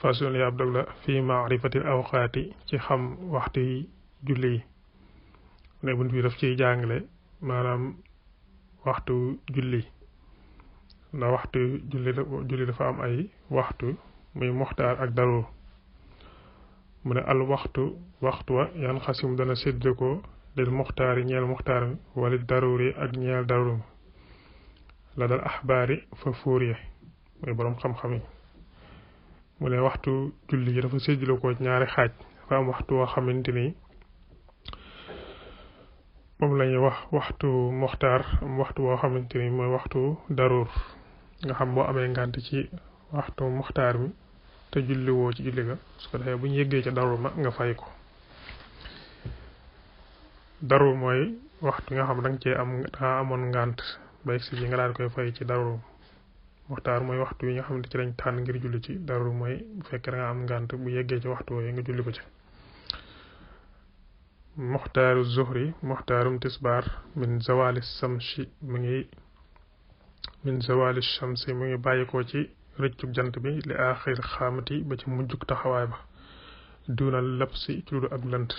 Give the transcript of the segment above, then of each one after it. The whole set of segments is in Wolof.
façon yaab dog la fii maarifatil awqaati ci xam waxtu yi julli yi ne bunt bi daf ciy jàngale maanaam waxtu julli ndax waxtu julli julli dafa am ay waxtu muy muxtaar ak daruur mu ne al waxtu waxtu wa yan xasim dana sédd ko lil muxtaar yi ñeel muxtaar mi wala ak ñeel daruur la dal axbaar fa fuur yi muy boroom xam-xam mu ne waxtu julli yi dafa séddale ko ñaari xaaj dafa am waxtu woo xamante ni moom la wax waxtu moxtaar waxtu woo xamante ni mooy waxtu daruur nga xam boo amee ngànt ci waxtu moxtaar mi te julli woo ci julli ga su ko defee bu ñu yeggee ca daruur ma nga fay ko daruur mooy waxtu nga xam danga cee am danga amoon ngànt ba egsi ji nga daal koy fay ci daruur waxtaar mooy waxtu wi yi nga xamante ci lañ tànn ngir julli ci darur mooy bu fekkee da am ngant bu yeggee ci waxtu yooyu nga julli ko ci moxtaaru zuhri moxtaarum tisbaar min zawali samsi mu ngi min zawali samsi mu ngi bàyyikoo ci rëccub jant bi li aaxir xaamati ba ci taxawaay ba duunal lap ci ludu ak lant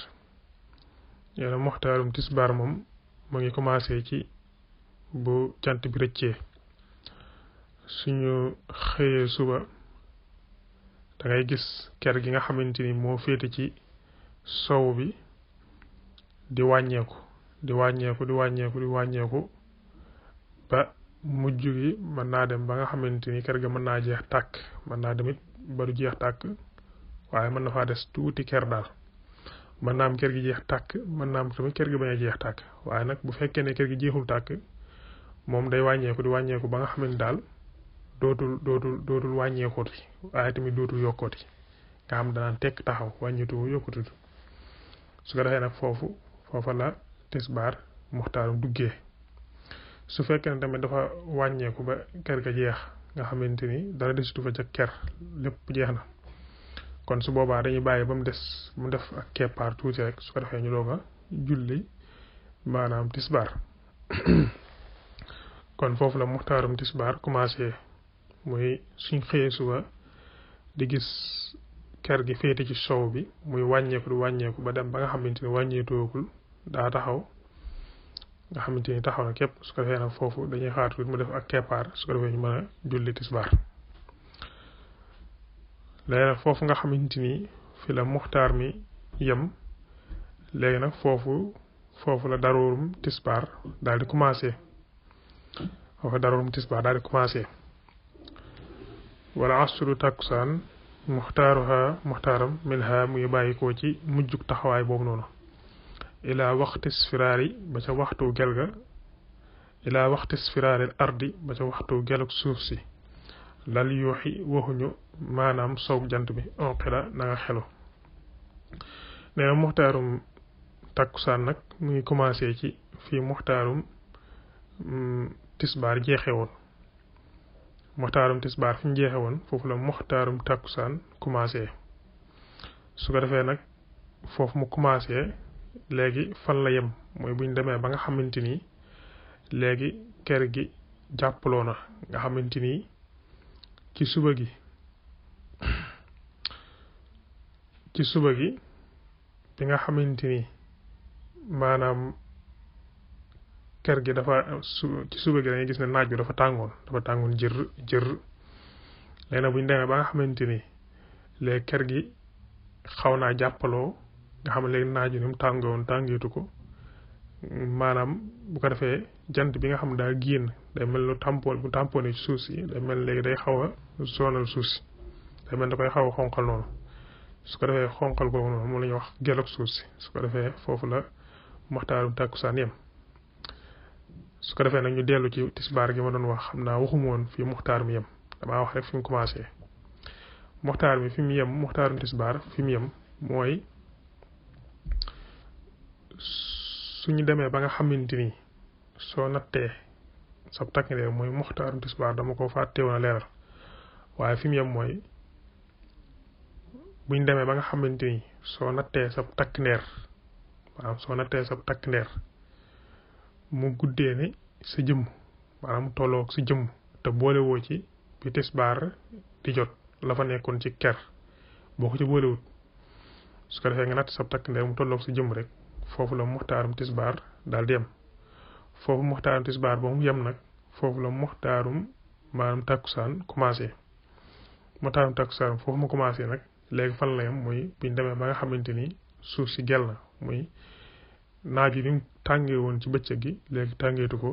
yoona moxtaarum moom moo ngi commencé ci bu jant bi rëccee suñu xëyee suba da ngay gis ker gi nga xamante ni moo féete ci sow bi di wàññeeku di wàññeeku di wàññeeku di wàññeeku ba mujj gi mën naa dem ba nga xamante ni ker ga mën naa jeex tàkk mën naa demit ba du jeex tàkk waaye mën na faa des tuuti ker daal mën naa am ker gi jeex tàkk mën naa am tamit ker gi bañ a jeex tàkk waaye nag bu fekkee ne ker gi jeexul tàkk moom day wàññeeku di wàññeeku ba nga xamante daal dootul dootul dootul wàññeekuti waaye tamit dootul yokkooti nga xam danaan tekk taxaw wàññituwu yokkutut su ko defee nag foofu foofa la tisbaar muxtaaru duggee su fekkee ne tamit dafa wàññeeku ba ker ga jeex nga xamante ni dara desitu fa ca ker lépp jeex na kon su boobaa dañuy bàyyi ba mu des mu def ak keppaar tuuti rek su ko defee ñu doog a julli maanaam tisbaar kon foofu la muxtaarum tisbaar commencé mooy suñ xëyee suba di gis ker gi féete ci sow bi muy wàññeeku du wàññeeku ba dem ba nga xamante ni wàññeetoogul daa taxaw nga xamante ni taxaw na képp su ko defee nag foofu dañuy xaar tuuti mu def ak keppaar su ko defee ñu mën a julli tisbaar léegi nag foofu nga xamante ni fi la muxtaar mi yem léegi nag foofu foofu la daruurum tisbaar daal di commencé foofu daruurum tisbaar daal di commencé wala asru takusaan muxtaaruha muxtaaram minha muy bàyyikoo ci mujjug taxawaay boobu noonu ilaa waxti sfiraari ba waxtu gel ga ilaa ardi ba waxtu gelug suuf si lal yuuxi waxuñu maanaam soog jant bi onqila na nga xelu nee na muxtaarum takkusaan nag mu ngi commencé ci fi muxtaarum mm, tisbaar jeexe moxtaarum tisbaar fu ñu jeexe woon foofu la moxtaarum tàkkusaan commencé su ko defee nag foofu mu commencé léegi fan la yem mooy buñ demee ba nga xamante ni léegi kër gi jàppaloo na nga xamante ni ci suba gi ci suba gi bi nga xamante ni maanaam ker gi dafa su ci suba gi dañuy gis ne naaj bi dafa tàngoon dafa tàngoon jër jër léegi nag bu ñu demee ba nga xamante ni léegi ker gi xaw naa jàppaloo nga xam ne léegi naaj bi ni mu tàngoon tàngeetu ko maanaam bu ko defee jant bi nga xam daa génn day mel lu tampoon bu tampoone ci suuf si day mel léegi day xaw a sonal suuf si day mel da koy xaw a xonqal noonu su ko defee xonqal ko noonu moom la ñuy wax gelab suuf si su ko defee foofu la maxtaarum tàkkusaan yem su ko defee nag ñu dellu ci tisbaar gi ma doon wax xam naa waxuma woon fii muxtaar mi yem damaa wax rek fi mu commencé muxtaar mi fi mu yem muxtaarum tisbaar fi mu yem mooy suñu demee ba nga xamante ni soo nattee sab takk mooy muxtaarum dama ko fàtte woon a waaye fi mu yem mooy buñ demee ba nga xamante ni soo nattee sab takk ndeer maanaam soo nattee sab takk ndeer mu guddee ne sa jëmm maanaam tolloog sa jëmm te boole woo ci bi tisbaar di jot la fa nekkoon ci ker boo ko ci wut su ko defee nga natt sab takk ndeer mu tolloog sa jëmm rek foofu la muxtaarum tisbaar daal di yem foofu muxtaarum tisbaar ba mu yem nag foofu la muxtaarum maanaam takkusaan commencé muxtaarum takkusaan foofu mu commencé nag léegi fan la yem muy biñ demee ba nga xamante ni suuf si gel na muy naaji nim tànge woon ci bëccëg gi léegi tàngeetu ko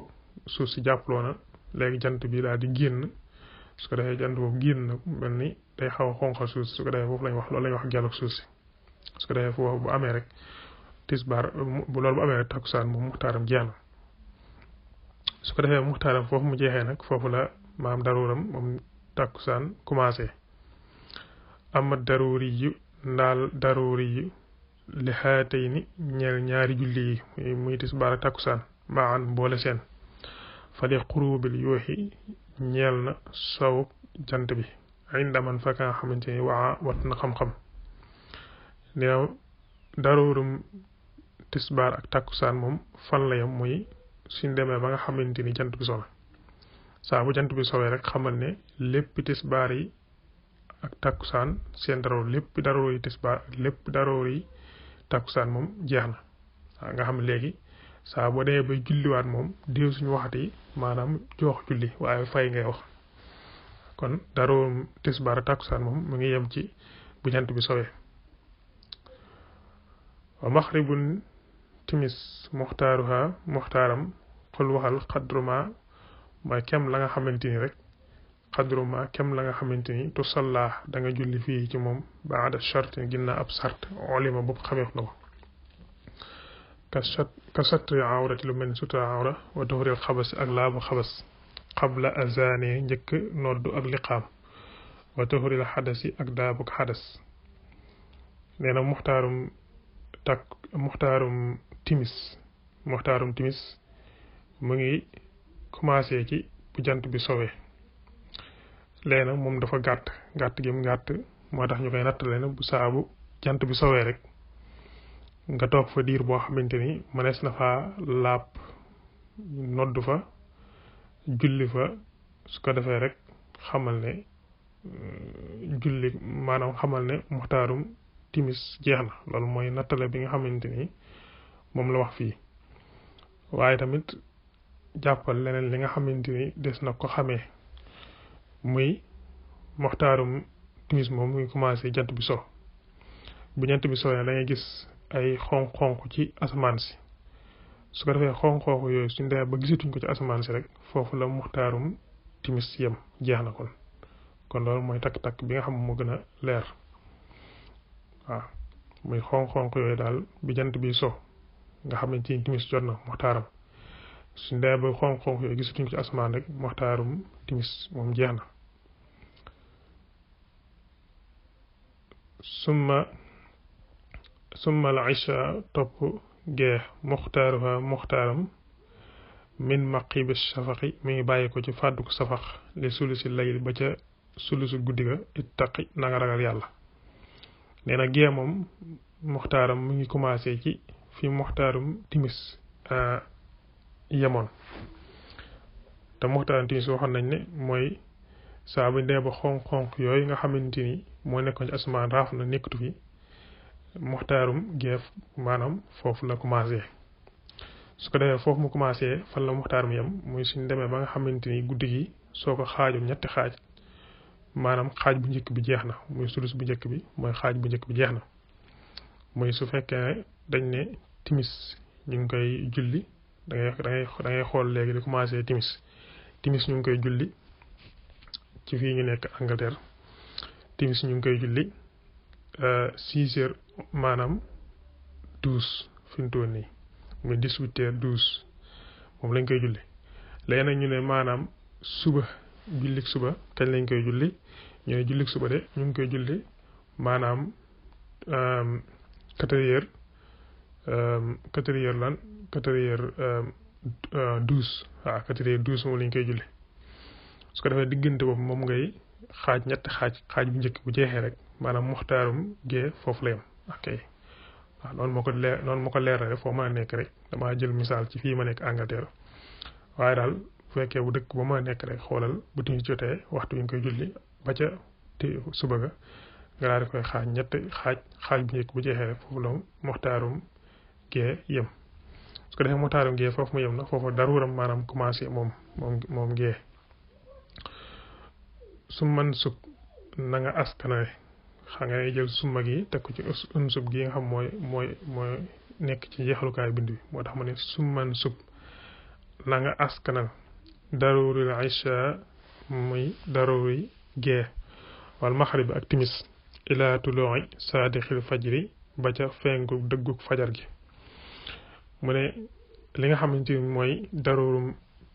suuf si jàppaloo na léegi jant bi daal di génn su ko defee jant boobu génn na mel ni day xaw a xonqa suuf si su ko defee foofu lañ wax loolu lañ wax gelog suuf si su ko defee foofu bu amee rek tisbar bu loolu bu amee rek takusaan moom muxtaaram jeexna su ko defee muxtaaram foofu mu jeexee nag foofu la maam daruuram moom takusaan commencé am daruuri yu ndaal daruuri yu li xaatay ni ñeel ñaari julli yi muy tisbaara takusaan maan boole seen fa li xurubil yuuxi ñeel na sawub jant bi inda man fa kaa xamante ni waa wat na xam-xam nee daroorum tisbaar ak takusaan moom fan la yam muy suñ demee ba nga xamante ni jant bi sowe saa bu jant bi sowee rek xamal ne lépp tisbaar yi ak takusaan seen daroor lépp daroor yi tisbaar ak lépp daroor yi tàkkusaan moom jeex na waaw nga xam léegi saa boo demee bay julliwaat moom diw suñu waxati maanaam joox julli waaye fay ngay wax kon dara tisbaar tàkkusaan moom mu ngi yem ci bu bi sowee wa maxribun timis muxtaaruha muxtaaram xul waxal xadruma mooy kem la nga xamante ni rek قدر ما كم لغا خمنتني تصلى دنگا جولي فيه كموم بعد الشرط جنا اب سرط علم بوب خميخ نوا كسط عورة لمن سطع عورة ودور الخبس أغلاب خبس قبل أزاني جك نرد أغلقام ودور الحدث أغلاب حدث لأن مختارم تك مختارم تيمس مختارم تيمس مغي كما سيكي بجانت بسوه lee na moom dafa gàtt gàtt gi mu gàtt moo tax ñu koy nattalee na bu saabu jant bi sowee rek nga toog fa diir boo xamante ni mënees na fa laab nodd su ko defee rek xamal ne euh, julli maanaam xamal ne muxtaarum timis jeex na loolu mooy nattale bi nga xamante ni moom la wax fii waaye tamit jàppal leneen li nga xamante ni des na ko xamee muy waxtaarum timis moom muy commencé jant bi so bu jant bi so ne da gis ay xonq-xonq ci asamaan si su ko defee xonq-xonq yooyu suñ demee ba gisatuñ ko ci asamaan si rek foofu la muxtaarum timis yem jeex na kon kon loolu mooy takk-takk bi nga xam moo gën a leer waaw muy xonq-xonq yooyu daal bi jant bi so nga xam ne ci timis jot na muxtaaram su ndee ba xonx-xonx yooyu gisatuñ ko ci asmaan rek moxtaarum timis moom jeex na summa summa la isha topp geex moxtaaruha moxtaaram min maqibi safaqi mi ngi bàyyi ko ci fàdduk safax li sulu si lay ba ca sulu si guddi ga ittaqi na nga ragal yàlla nee na moom moxtaaram mi ngi commencé ci fi moxtaarum timis ah, yemoon te muxtaanti ni su waxoon nañ ne mooy saa buñ demee ba xonq-xonq yooyu nga xamante ni moo nekkoon ci asamaan raaf na nekkatu fi muxtaarum geef maanaam foofu la commencé su ko defee foofu mu commencé fan la muxtaarum yem muy suñ demee ba nga xamante ni guddi gi soo ko xaajoon ñetti xaaj maanaam xaaj bu njëkk bi jeex na muy sulus bu njëkk bi mooy xaaj bu njëkk bi jeex na muy su fekkee dañ ne timis ñu ngi koy julli da ngay xool léegi di commencé timis timis ñu ngi koy julli ci fii ñu nekk Angleterre timis ñu ngi koy julli euh, six heures maanaam douze fi mu toll nii muy dix douze moom lañ koy julli léegi nag ñu ne maanaam suba jullik suba kañ lañ koy julli ñu ne jullik suba de ñu ngi koy julli maanaam euh, quatre heures euh, quatre heures lan quatre heures douze waaw quatre heures douze moom la koy julli su ko defee diggante boobu moom ngay xaaj ñetti xaaj xaaj bu njëkk bu jeexee rek maanaam muxtaarum gee foofu la yem ok waaw noonu moo ko leer noonu moo ko leerale foo mën a nekk rek damaa jël misaal ci fii ma nekk Angleterre waaye daal bu fekkee bu dëkk ba ma nekk rek xoolal buti timis waxtu wi ñu koy julli ba ca suba ga nga daal di koy xaaj ñett xaaj xaaj bu njëkk bu jeexee rek foofu la muxtaarum su ko defee mu taaram gee foofu mu yem na foofu daruuram maanaam commencé moom moom moom gee su man sub na nga askanale xam nga jël summa gi teg ko ci unsub gi nga xam mooy mooy mooy nekk ci jeexalukaay bind bi moo tax ma ne summan sub na nga askanal daruril isha muy daruri gee wal maxarib ak timis ila tuluu'i saadixil fajri ba ca fenku dëgguk fajar gi mu ne li nga xamante ni mooy daroorum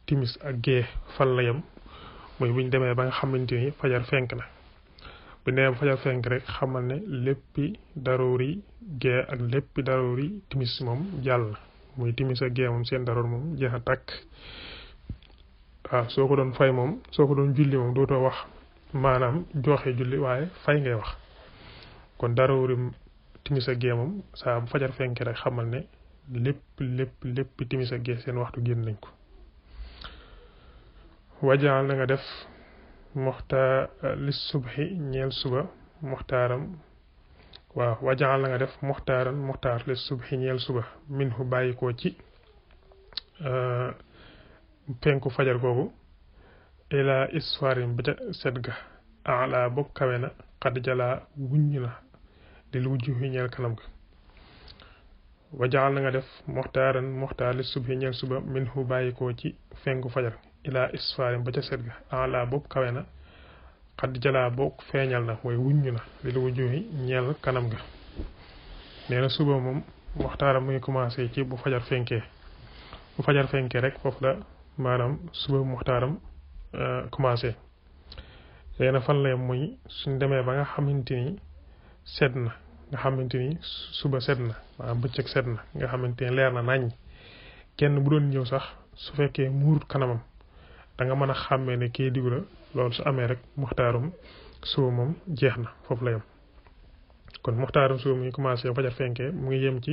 timis ak gée fan la yem mooy bu ñu demee ba nga xamante ni fajar na bu fajar fenk rek xamal ne léppi daroori gée ak léppi daroori timis moom jàll na muy timis ak moom seen daroor moom jeex a tàkk waaw soo ko doon fay moom soo ko doon julli moom dootoo wax maanaam jooxe julli waaye fay ngay wax kon daroorim timis ak gée moom saa bu fajar fenk rek xamal ne lépp lépp lépp timis gee seen waxtu génn nañ ko wajaal na nga def moxtaar euh, li subxi ñeel suba moxtaaram waaw wajaal na nga def moxtaaran moxtaar li subxi ñeel suba min hu bàyyi ko ci euh, penku fajar googu ilaa isfarin ba ca set ga ala boog kawe na jalaa wuññ na di lu wujju ñeel kanam ga wajaxal na nga def moxtaaran moxtaar li subhi ñeel suba min hu bàyyikoo ci fenku fajar ilaa isfaarim ba ca set ga ala boobu kawe na xad jalaa boog feeñal na way wuññu na li lu wujuhi ñeel kanam ga nee na suba moom moxtaaram mu ngi commencé ci bu fajar fenkee bu fajar fenkee rek foofu la maanaam suba moxtaaram euh, commencé léegi nag fan lay muy suñ demee ba nga xamante ni sedd na nga xamante ni suba set na maanaam bëccëg set na nga xamante ni leer na nañ kenn bu doon ñëw sax su fekkee muurut kanamam da nga mën a xàmmee ne kee diw la loolu su amee rek muxtaarum suba moom jeex na foofu la yem kon muxtaarum suba mu ngi commencé fajar fenkee mu ngi yem ci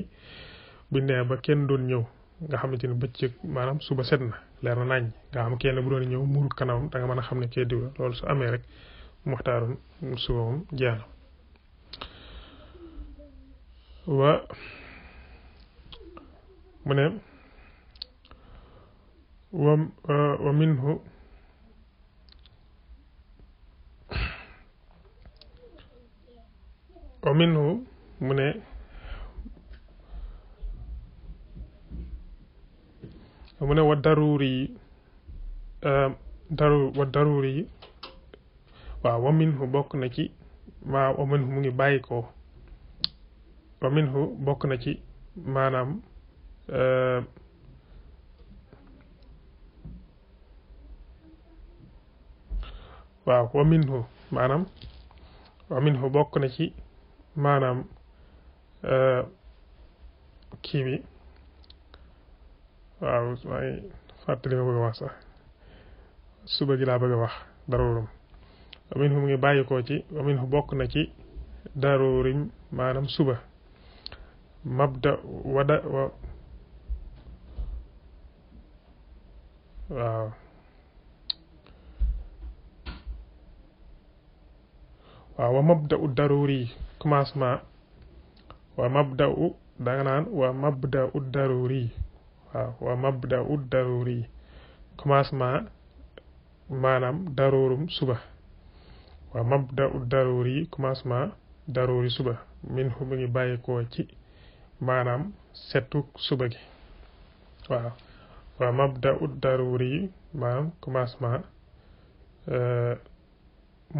bu nee ba kenn doon ñëw nga xamante ni bëccëg maanaam suba set na leer na nañ nga xam kenn bu doon ñëw muurut kanamam da nga mën a xam ne kee diw la loolu su amee rek muxtaarum suba moom jeex na wa mu ne wa wa minhu wa minhu mu ne mu ne wa daruri eh, wa daruri waaw wa minhu bokk na ci waaw wa minhu mu ngi bàyyi ko wa minhu bokk na ci maanaam euh, waaw wa minhu maanaam wa bokk na ci maanaam euh, kii bi waaw maa ngi fàttali bëgg a wax sax suba gi laa bëgg a wax daruurum wa minhu mu ngi bàyyi koo ci wa minhu bokk na ci daruurim maanaam suba mabda wada wa waaw ah. ah, waaw wa mabda'u daruri commencement wa mabda'u da nga naan wa mabda'u daruri waaw ah, wa mabda'u daruri commencement maanaam darurum suba wa mabda'u daruri commencement daruri suba min mi ngi bàyyikoo ci maanaam setu suba gi waaw waaw mabda ut daruri yi maanaam commencement euh,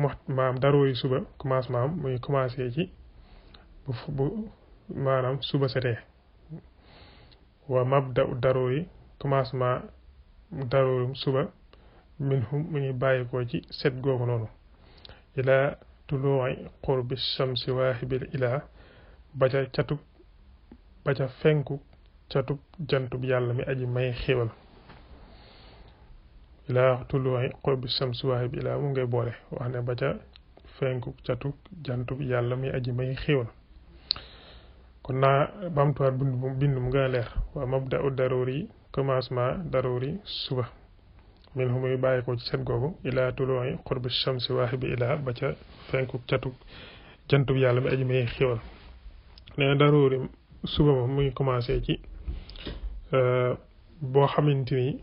mox maanaam daruri suba commencement am commencé ci bu bu suba setee waaw mabda ut daruri commencement darurum suba minhum mu ngi bàyyikoo ci set googu noonu ilaa tuluu'i qurbi shamsi waahibil ilaa ba ca ba ca fenku catub jantub yàlla mi aji may xéwal ilaa tulluwaay xurbi samsi waahib ilaa mu ngay boole wax ne ba ca fenku catub kon naa bamtuwaat bind bindu leer waa mabda'u daruri commencement daruri suba min hu muy ko ci set googu ilaa tulluwaay xurbi samsi waahib ilaa ba ca fenku catub jantub yàlla mi aji may xéwal nee na suba moom mu ngi commencé ci euh, boo xamante ni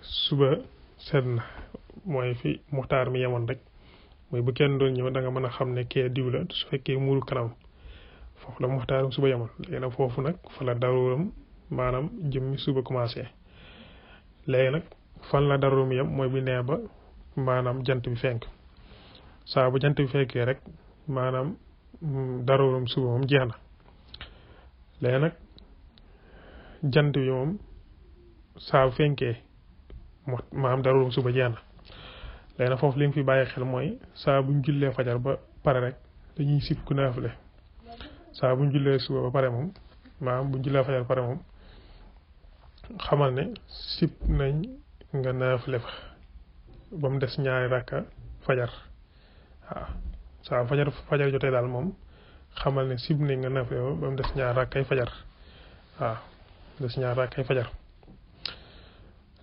suba sedd na mooy fi muxtaar mi yemoon rek mooy bu kenn doon ñëw da nga mën a xam ne kee diw la su fekkee muuru kanam foofu la muxtaaram suba yemoon léegi nag foofu nag fa la daruuram maanaam jëmmi suba commencé léegi nag fan la daruuram yem mooy bu nee ba maanaam jant bi fenk saa bu jant bi fekkee rek maanaam mm, daruuram suba moom jeex na léegi nag jant bi moom saa fenkee moo maam darul suba jeex na léegi nag foofu li fi bàyyi xel mooy saa buñ jullee fajar ba pare rek dañuy sib ku naafile saa buñ jullee suba ba pare moom maam buñ jullee fajar pare moom xamal ne sib nañ nga naafile fa ba des ñaari rakka fajar waaw saa fajar fajar jotee daal moom xamal ne sib nañ nga naafila ba mu des ñaar fajar ah, des ñaar rakkay fajar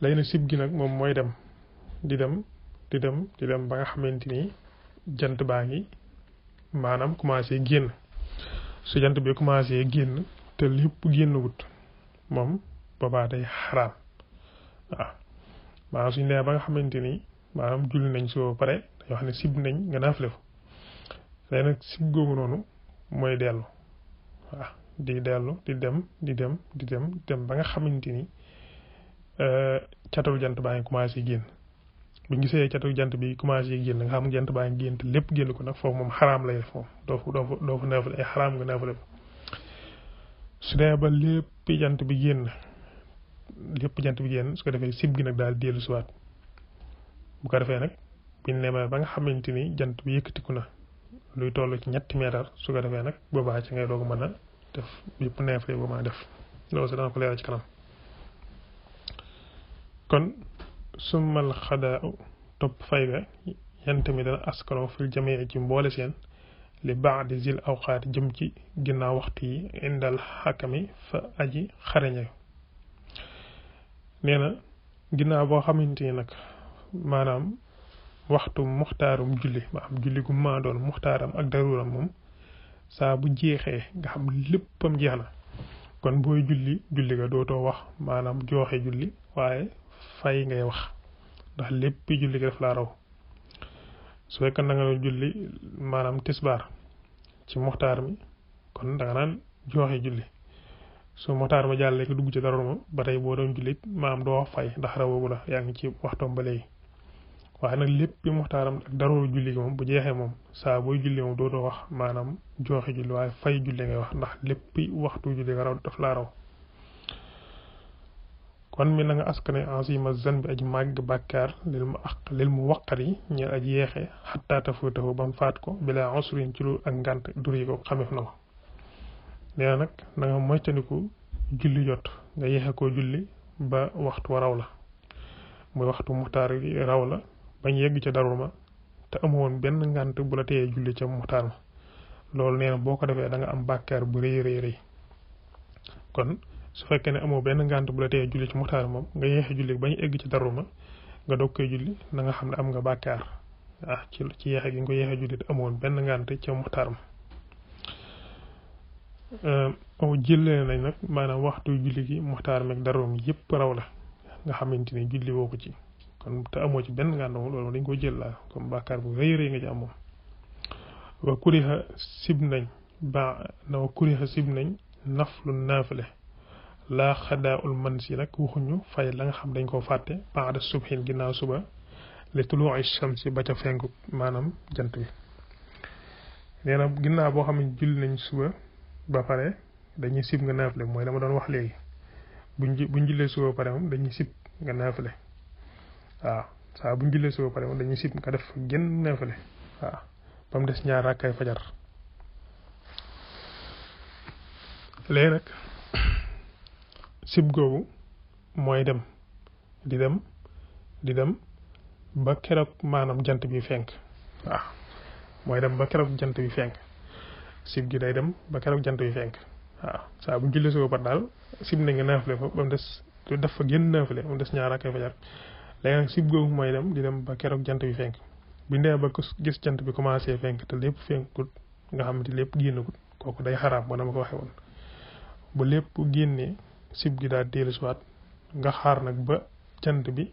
lay na sib gi nak mom moy dem di dem di dem di dem ba nga xamanteni jant baa ngi maanaam commencé genn su jant bi commencé genn te lepp genn wut mom baba day haram waaw ba su ne ba nga xamanteni manam nañ so pare dañoo xam ne sib nañ nga naafile sib gogu nonu moy delu wa di delu di dem di dem di dem dem ba nga xamanteni euh ciatu jant ba ngi commencé genn bu ngi sey ciatu jant bi commencé genn nga xam jant ba ngi génn te lépp génn ko nak foofu mom haram lay def moom doo fa doo fa doo fa ay xaraam nga neuf lepp su dee ba lepp jant bi genn lepp jant bi genn su ko defé sib gi nak dal delu suwat bu ko defé nak bin ne ba nga xamanteni jant bi yëkkatiku na luy toll ci ñetti meetar su ko defee nag boobaa ci ngay doog mën na def yëpp neef yi ba mën a def loolu si dana ko leeral ci kanam kon summal xadaa topp fay ga yant mi dana askanoo fil jamee ci mboole seen li baax di zil awqaat jëm ci ginnaaw waxtu yi indal xakami fa aji xarañe nee na ginnaaw boo xamante nag maanaam waxtu muxtaarum julli maanaam julli gu maandoon muxtaaram ak daruuram moom saa bu jeexee nga xam léppam jeex na kon booy julli julli ga dootoo wax maanaam jooxe julli waaye fay ngay wax ndax lépp julli ga daf laa raw julli maanaam tisbaar ci mi kon da nga naan jooxe julli su muxtaar ma jàllee ko dugg ci daroor ma ba tey boo doon jullit maam doo fay ndax rawagu la yaa ngi ci waxtoom ba léegi waaye nag lépp moxtaaram ak daroo julli gi moom bu jeexee moom saa booy julli moom dootoo wax maanaam jooxi julli waaye fay julli ngay wax ndax lépp waxtu julli nga raw daf laa raw kon mi na nga askane ansima zen bi aj màgg bàkkaar lil mu aq lil mu waqari ñë aj yeexe xatta tafuutafu ba mu faat ko bilaa ansurin ci lu ak ngant dur yi ko xamef na ma nee na nag na nga moytandiku julli jot nga yeexe koo julli ba waxtu raw la muy waxtu muxtaar gi raw la bañ yegg ca darul ma te amoon benn ngant bu la téyee julli ca muxtaar ma loolu nee na boo ko defee da nga am bàkkaar bu rëy rëy rëy kon su fekkee ne amoo benn ngant bu la téyee julli ci muxtaar moom nga yeexe julli bañ egg ci darul ma nga doog koy julli na nga xam ne am nga bàkkaar ah ci ci yeexe gi nga ko yeexe julli te amoon benn ngant ca muxtaar ma ehm, aw jëlee nañ nag maanaam waxtu julli gi muxtaar meeg daroom yëpp raw la nga xamante ne julli woo ko ci kon te amoo ci benn ngàndoom loolu dañ ko jël la comme bàkkaar bu rëy rëy nga ci amoon wa kuriha sib nañ ba na wa kuriha sib nañ naflu naafile laa xadaa ul man si nag waxuñu fay la nga xam dañ koo fàtte baada subhin ginnaaw suba li tuluuci shamsi ba ca fenku maanaam jant bi nee na ginnaaw boo xam ne julli nañ suba ba pare dañuy sib nga naafile mooy dama doon wax léegi buñ buñ jullee suba ba pare moom dañuy sib nga naafile waaw saa bu jullee suba pare moom dañuy sib nga def génn fële waaw ba mu des ñaar rakkay fajar léegi nag sib googu mooy dem di dem di dem ba keroog maanaam jant bi fenk waaw mooy dem ba keroog jant bi fenk sib gi day dem ba keroog jant bi fenk waaw saa bu jullee pare daal sib na nga fa ba mu des def fa génn naafale ba mu des ñaar rakkay fajar léegi nag sib googu mooy dem di dem ba keroog jant bi fenk bu ndee ba ko gis jant bi commencé ya fenk te lépp fenkut nga xam ne lépp génnagul kooku day xaraam ba dama ko waxee woon bu lépp génnee sib gi daal dellu siwaat nga xaar nag ba jant bi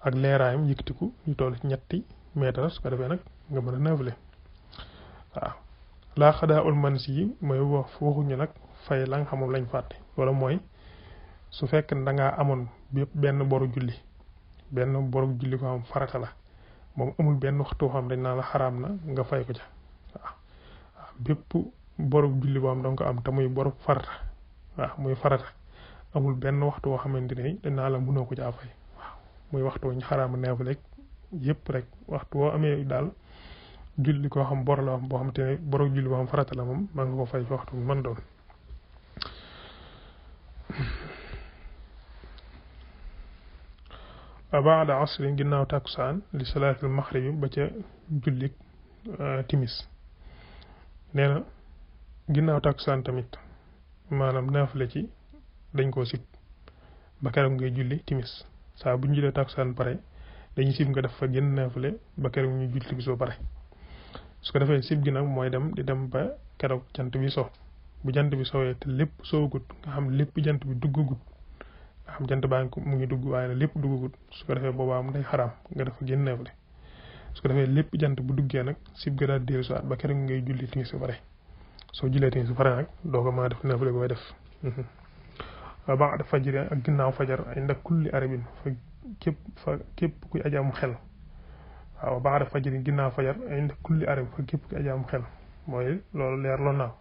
ak leeraayam yëkkatiku ñu toll ci ñetti mètre su ko defee nag nga mën a naafle waaw ah, laa xadaa ul man si mooy wax waxuñu nag fay la nga xamul lañ fàtte wala mooy su fekk da ngaa amoon bépp benn boru julli benn borog julli ko am farata la moom amul benn waxtu xam dañ naa la xaraam na nga fay ko ca waaw bépp borog julli boo am danga ko am te muy borog farata muy farata amul benn waxtu woo xamante ne dañ naa la mënoo ko caa fay waaw muy waxtu ñu xaraam neef rek yëpp rek waxtu woo amee daal julli koo xam bor la boo xam te ne borog julli boo xam farata la moom mën ko fay fi waxtu man doon fa a asrin ginnaaw takusaan li salaatil maxribi ba ca jullik euh, timis nee na ginnaaw takusaan tamit maanaam naafila ci dañ koo sib ba keroog julli timis saa bu ñu jullee takusaan pare dañu sib nga def fa gën naafila ba keroog ñu julli timis ba pare su ko defee sib gi nag mooy dem di dem ba keroog jant bi so bu jant bi sowee te lépp soogut nga xam lépp jant bi duggagut xam jant baa ngi mu ngi dugg waaye nag lépp duggagut su ko defee boobaa mu day xaraam nga dafa génneewle su ko defee lépp jant bu duggee nag sib ga daal dellu soit ba keroog ngay julli timis su pare soo jullee timis su pare nag doo ko mën a def neefle booy def mhm. waaw ba nga fajri ak ginnaaw fajar inda kulli arabin fa képp fa képp kuy aji am xel waaw ba nga fajri ginnaaw fajar inda kulli arabin fa képp kuy aji am xel mooy loolu leer loon naa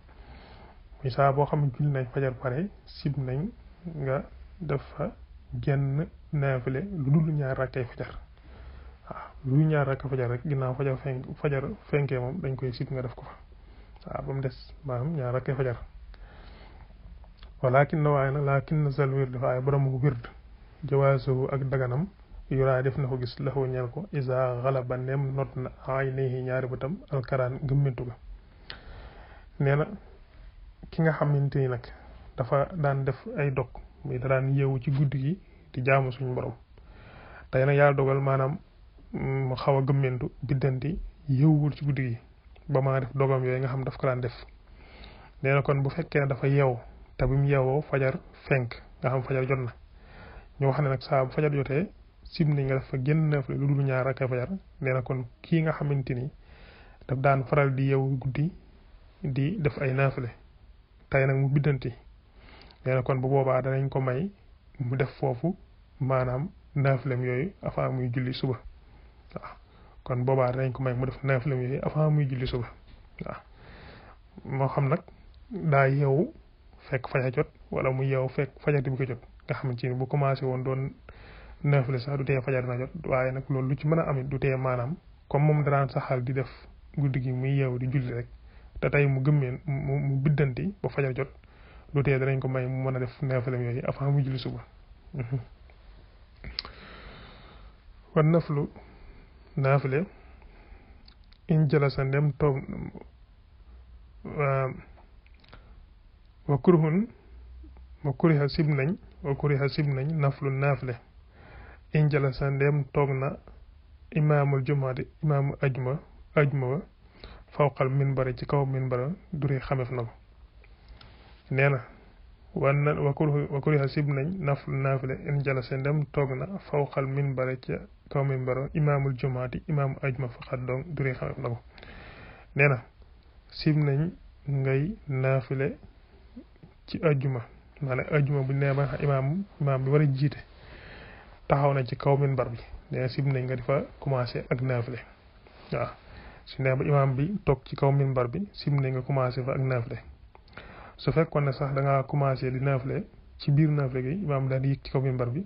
muy saa boo xam ne julli nañ fajar pare sib nañ nga dafa genn naafile lu dul ñaar rakkay fajar waaw ñaar rakka fajar rek ginnaaw fajar fenk fajar moom dañ koy sib nga def ko fa waaw des maanaam ñaar rakkay fajar walakin na waaye nag laakin na sal wird waaye borom wird jawaasu ak daganam yuraa def na ko gis laxoo ñeel ko isa xalaba nem ay neexi ñaari bëtam alkaraan ngëmmintu ga nee ki nga xamante ni nag dafa daan def ay dog muy daraan yeewu ci guddi gi di jaamu suñu borom tey nag yàlla dogal maanaam mm, mu xaw a gëmmentu biddanti wul ci guddi gi ba ma def dogam yooyu nga xam daf ko daan def nee kon bu fekkee ne dafa yeewu te bi fajar fenk nga xam fajar jot na ñu wax ne nag saa fajar jotee sim ni nga dafa génn nafila lu dul ñaar ak fajar nee kon kii nga xamante ni daf daan faral di yeewu guddi di def ay naafile tey nag mu biddanti nee kon bu boobaa danañ ko may mu def foofu maanaam naafilem yooyu avant muy julli suba waaw kon boobaa danañ ko may mu def naafilem yooyu muy julli suba waaw moo xam nag daa yeewu fekk faja jot wala mu yeewu fekk fajar bi ko jot nga xamante ni bu commencé woon doon naafile sax du tee fajar dana jot waaye nag loolu lu ci mën a amit du tee maanaam comme moom danaan saxal di def guddi gi muy yeewu di julli rek te tey mu gëmmeen mu biddanti ba faja jot lu tey dinañ ko may mu mën a def neefalam yooyu avant mu julli suba wan naflu naafile in jalasa ndem toog wa kurhun wa kuriha sib nañ wa kuriha sib nañ naflu naafile in jalasa ndem toog na imaamul jumaati imaamu ajma ajma wa fawqal minbara ci kaw minbara duri xamef na ko nee na wan na wa toog na fawqal minbara ca kaw minbara imaamul ngay naafile ci ajuma maanaam ajuma bu nee ba imaam imaam bi war a jiite taxaw na ci kaw minbar bi nee nga difa commencé ak naafile imaam bi toog ci kaw minbar bi sib nañ nga commencé fa ak naafile su fekkoon ne sax da ngaa commencé di naafle ci biir naafle gi imaam daal di yëg ci kaw mimbar bi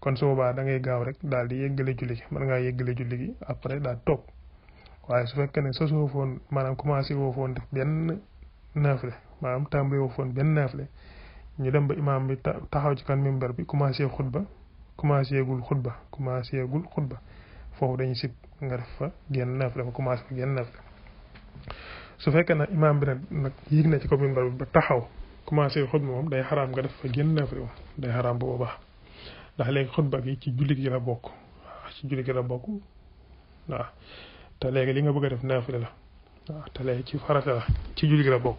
kon su boobaa da ngay gaaw rek daal di yëggale julli man mën ngaa yëggale julli gi après daal toog waaye su fekkee ne soo soo foon maanaam commencé woo foon def benn naafle maanaam tàmbali woo foon benn naafle ñu dem ba imaam bi taxaw ci kan mimbar bi commencé xutba commencé gul xutba commencé gul xutba foofu dañuy sib nga def fa genn naafle fa commencé fa genn naafle su fekkee nag imaam bi nag yéeg na ci ko minbar ba taxaw commencé xutba moom day xaraam nga def fa génn fa day xaraam bu boobaa ndax léegi xutba gi ci julli gi la bokk ci julli gi la bokk waaw te léegi li nga bëgg a def naafila la ci farata la ci julli gi la bokk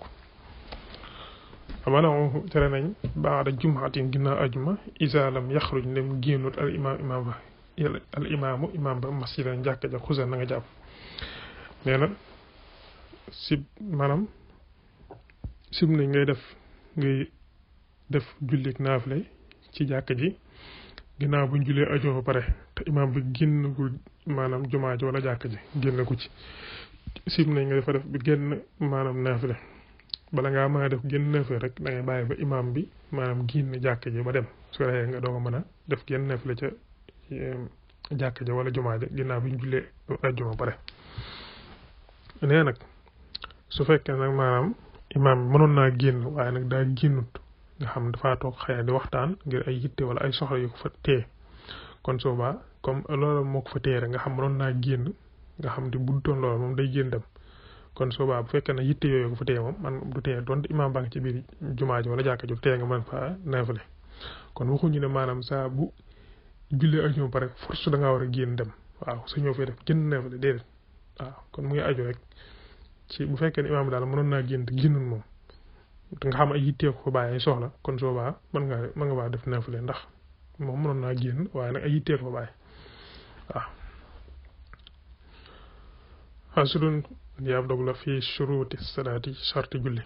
nañ baada jumaatin ginnaaw ajuma isa lam yaxruj ndem génnut al imaam imaam ba al a imaam ba masjid njàkk ja xusa na nga jàpp nee na sib maanaam sib nañ ngay def ngay def jullik naafile ci jàkk ji ginnaaw buñ julee ajoo ba pare te imaam bi génnagul maanaam jumaa ji wala jàkk ji génn ko ci sib nañ nga dafa def bi génn maanaam naafile bala ngaa mën a def génn naafile rek da ngay bàyyi ba imaam bi maanaam génn jàkk ji ba dem su reyee nga doog a mën a def génn naafile ca jàkk ja wala jumaa ja ginnaaw buñ julee ajoo pare nee nag su fekkee nag maanaam imaam bi mënoon naa génn waaye nag daa génnut nga xam dafaa toog xëy di waxtaan ngir ay yitte wala ay soxla yu fa téye kon soo ba comme loolu moo ko fa téye rek nga xam mënoon naa génn nga xam di buddoon loolu moom day génn dem kon soo bu fekkee na yitte yooyu ko fa téye moom man du téye donte baa ngi ci biir jumaa wala jàkka ju téye nga mën faa neefale kon waxuñu ne maanaam saa bu jullee ak ñoom pare force da ngaa war a génn dem waaw su ñëw fee def génn neefale déedéet waaw kon muy ngi aju rek ci bu fekkee ne imaam daal mënoon naa gént génnul moom nga xam a yittee ko bàyyi ay soxla kon soo baa mën nga mën nga baa def naafile ndax moom mënoon naa génn waaye nag ay yittee ko bàyyi waaw aslun yaab dog la fii shuruuti salaati sharti julli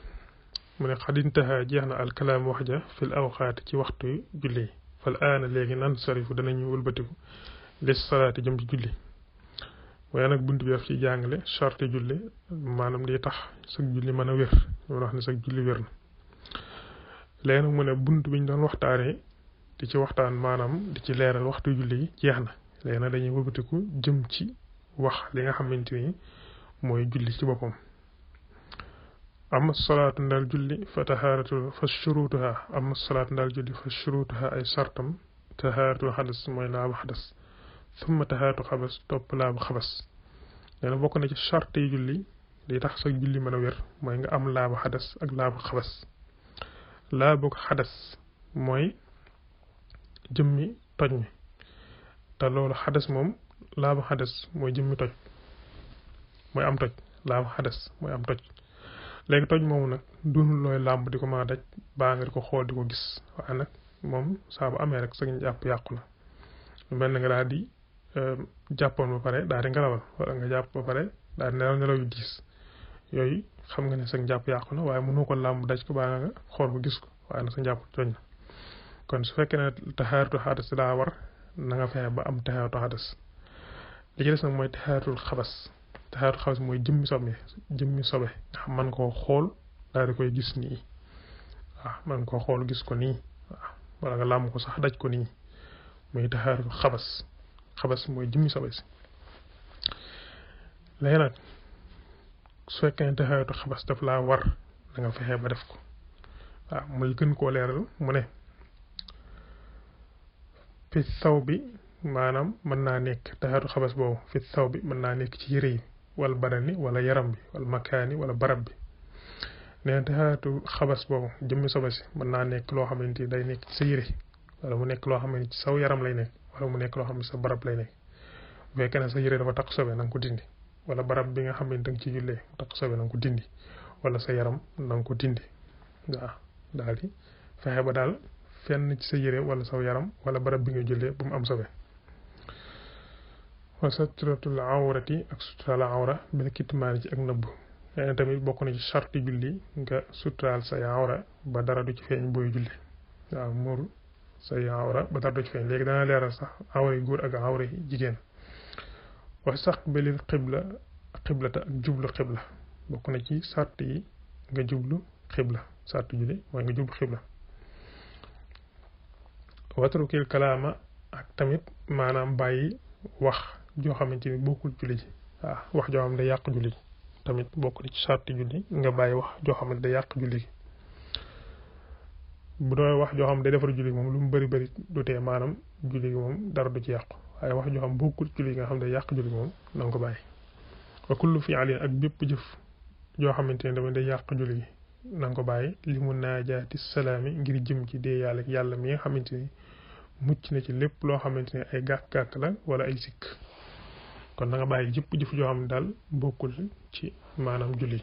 mu ne xadintaha jeex na alkalaam wax ja fil awqaat ci waxtu julli fal aana léegi nan sarifu danañu walbatiku lis salaati jëm ci julli waaye nag bunt bi daf ci jàngale charte julli maanaam di tax sag julli mën a wér ne sag julli wér na léegi nag mu bunt biñ ñu doon waxtaanee di ci waxtaan maanaam di ci leeral waxtu julli yi jeex na léegi nag dañuy wëbatiku jëm ci wax li nga xamante ni mooy julli ci boppam am salaatu ndaal julli fa tahaaratu fa shurutuha amma salaatu ndaal julli fa shurutuha ay sartam tahaaratu xadas mooy laa bu summa taxaatu xabas topp laabu xabas nee na bokk na ci charte yi julli di tax sa julli mën a wér mooy nga am laabu xadas ak laabu xabas laabu xadas mooy jëmmi toj mi te loolu xadas moom laabu xadas mooy jëmmi toj mooy am toj laabu xadas mooy am toj léegi toj moomu nag dunul looy làmb di ko mën a daj baa nga di ko xool di ko gis waaye nag moom saa bu amee rek sa jàpp yàqu na lu mel na nga daal Euh, jàppoon ba pare daal di ngelawal nga jàpp ba pare daal di nelaw nelaw yu diis yooyu xam nga ne sa njàpp yàqu na waaye mënu ko làmb daj ko baa nga xool bu gis ko waaye nag sa njàpp kon su fekkee ne taxaaratu xaadas daa war fexe ba am taxaaratu xaadas li ci des nag mooy xabas taxaaratul xabas mooy jëmmi sobe jëmmi sobe nga xam man koo xool daal di koy gis nii waaw man koo xool gis ko nii waaw wala nga làmb ko sax daj ko nii muy taxaaratul xabas xabas mooy jëmmi sabay si léegi nag su fekkee ne taxawatu xabas daf laa war danga fexe ba def ko mu muy gën koo leeral mu ne fi saw bi maanaam mën naa nekk taxawatu xabas boobu fi saw bi mën naa nekk ci yére yi wala badani wala yaram bi wala makaani wala barab bi nee taxawatu xabas boobu jëmmi sabay si mën naa nekk loo xamante ni day nekk ci sa wala mu nekk loo xamante ci saw yaram lay nekk. wala mu nekk loo xam ne sa barab lay nekk bu fekkee ne sa yére dafa taq sobe na nga ko dindi wala barab bi nga xam ne da nga ci jullee mu taq sobe ko dindi wala sa yaram na ko dindi waaw daal di fexe ba daal fenn ci sa yére wala sa yaram wala barab bi nga jullee bu mu am sobe wa saturatul awrati ak suturaal awra bil kitmaan ci ak nëbb leen tamit bokk na ci charte julli nga suturaal say awra ba dara du ci feeñ booy julli waaw muur سي عورة بدر بيج فين ليك دانا ليرا صح عوري يقول أجا عوري جيجين وحساق بلي قبلة قبلة جبل قبلة بكونا جي سارتي نجا جبل قبلة سارتي جلي وانجا جبل قبلة واترك الكلام اكتمت معنا باي وخ جو خامنتي بوكول جولي آه، واخ جو خامنتي يق جولي تامت بوكول سارتي جولي نجا باي وخ جو خامنتي يق جولي bu doon wax joo xam day defar julli gi moom lu mu bari bëri du tee maanaam julli gi moom dara du ci yàqu waaye wax joo xam bokkul julli gi nga xam day yàq julli gi moom na nga ko bàyyi wa kullu fi'lin ak bépp jëf joo xamante ne dama day yàq julli gi ko bàyyi li mun naa jaati salaami ngir jim ci dee yàlla yàlla mi nga xamante ni mucc na ci lépp loo xamante ne ay gàkk-gàkk la wala ay sikk kon na nga bàyyi jëpp jëf joo xam ne daal bokkul ci maanaam julli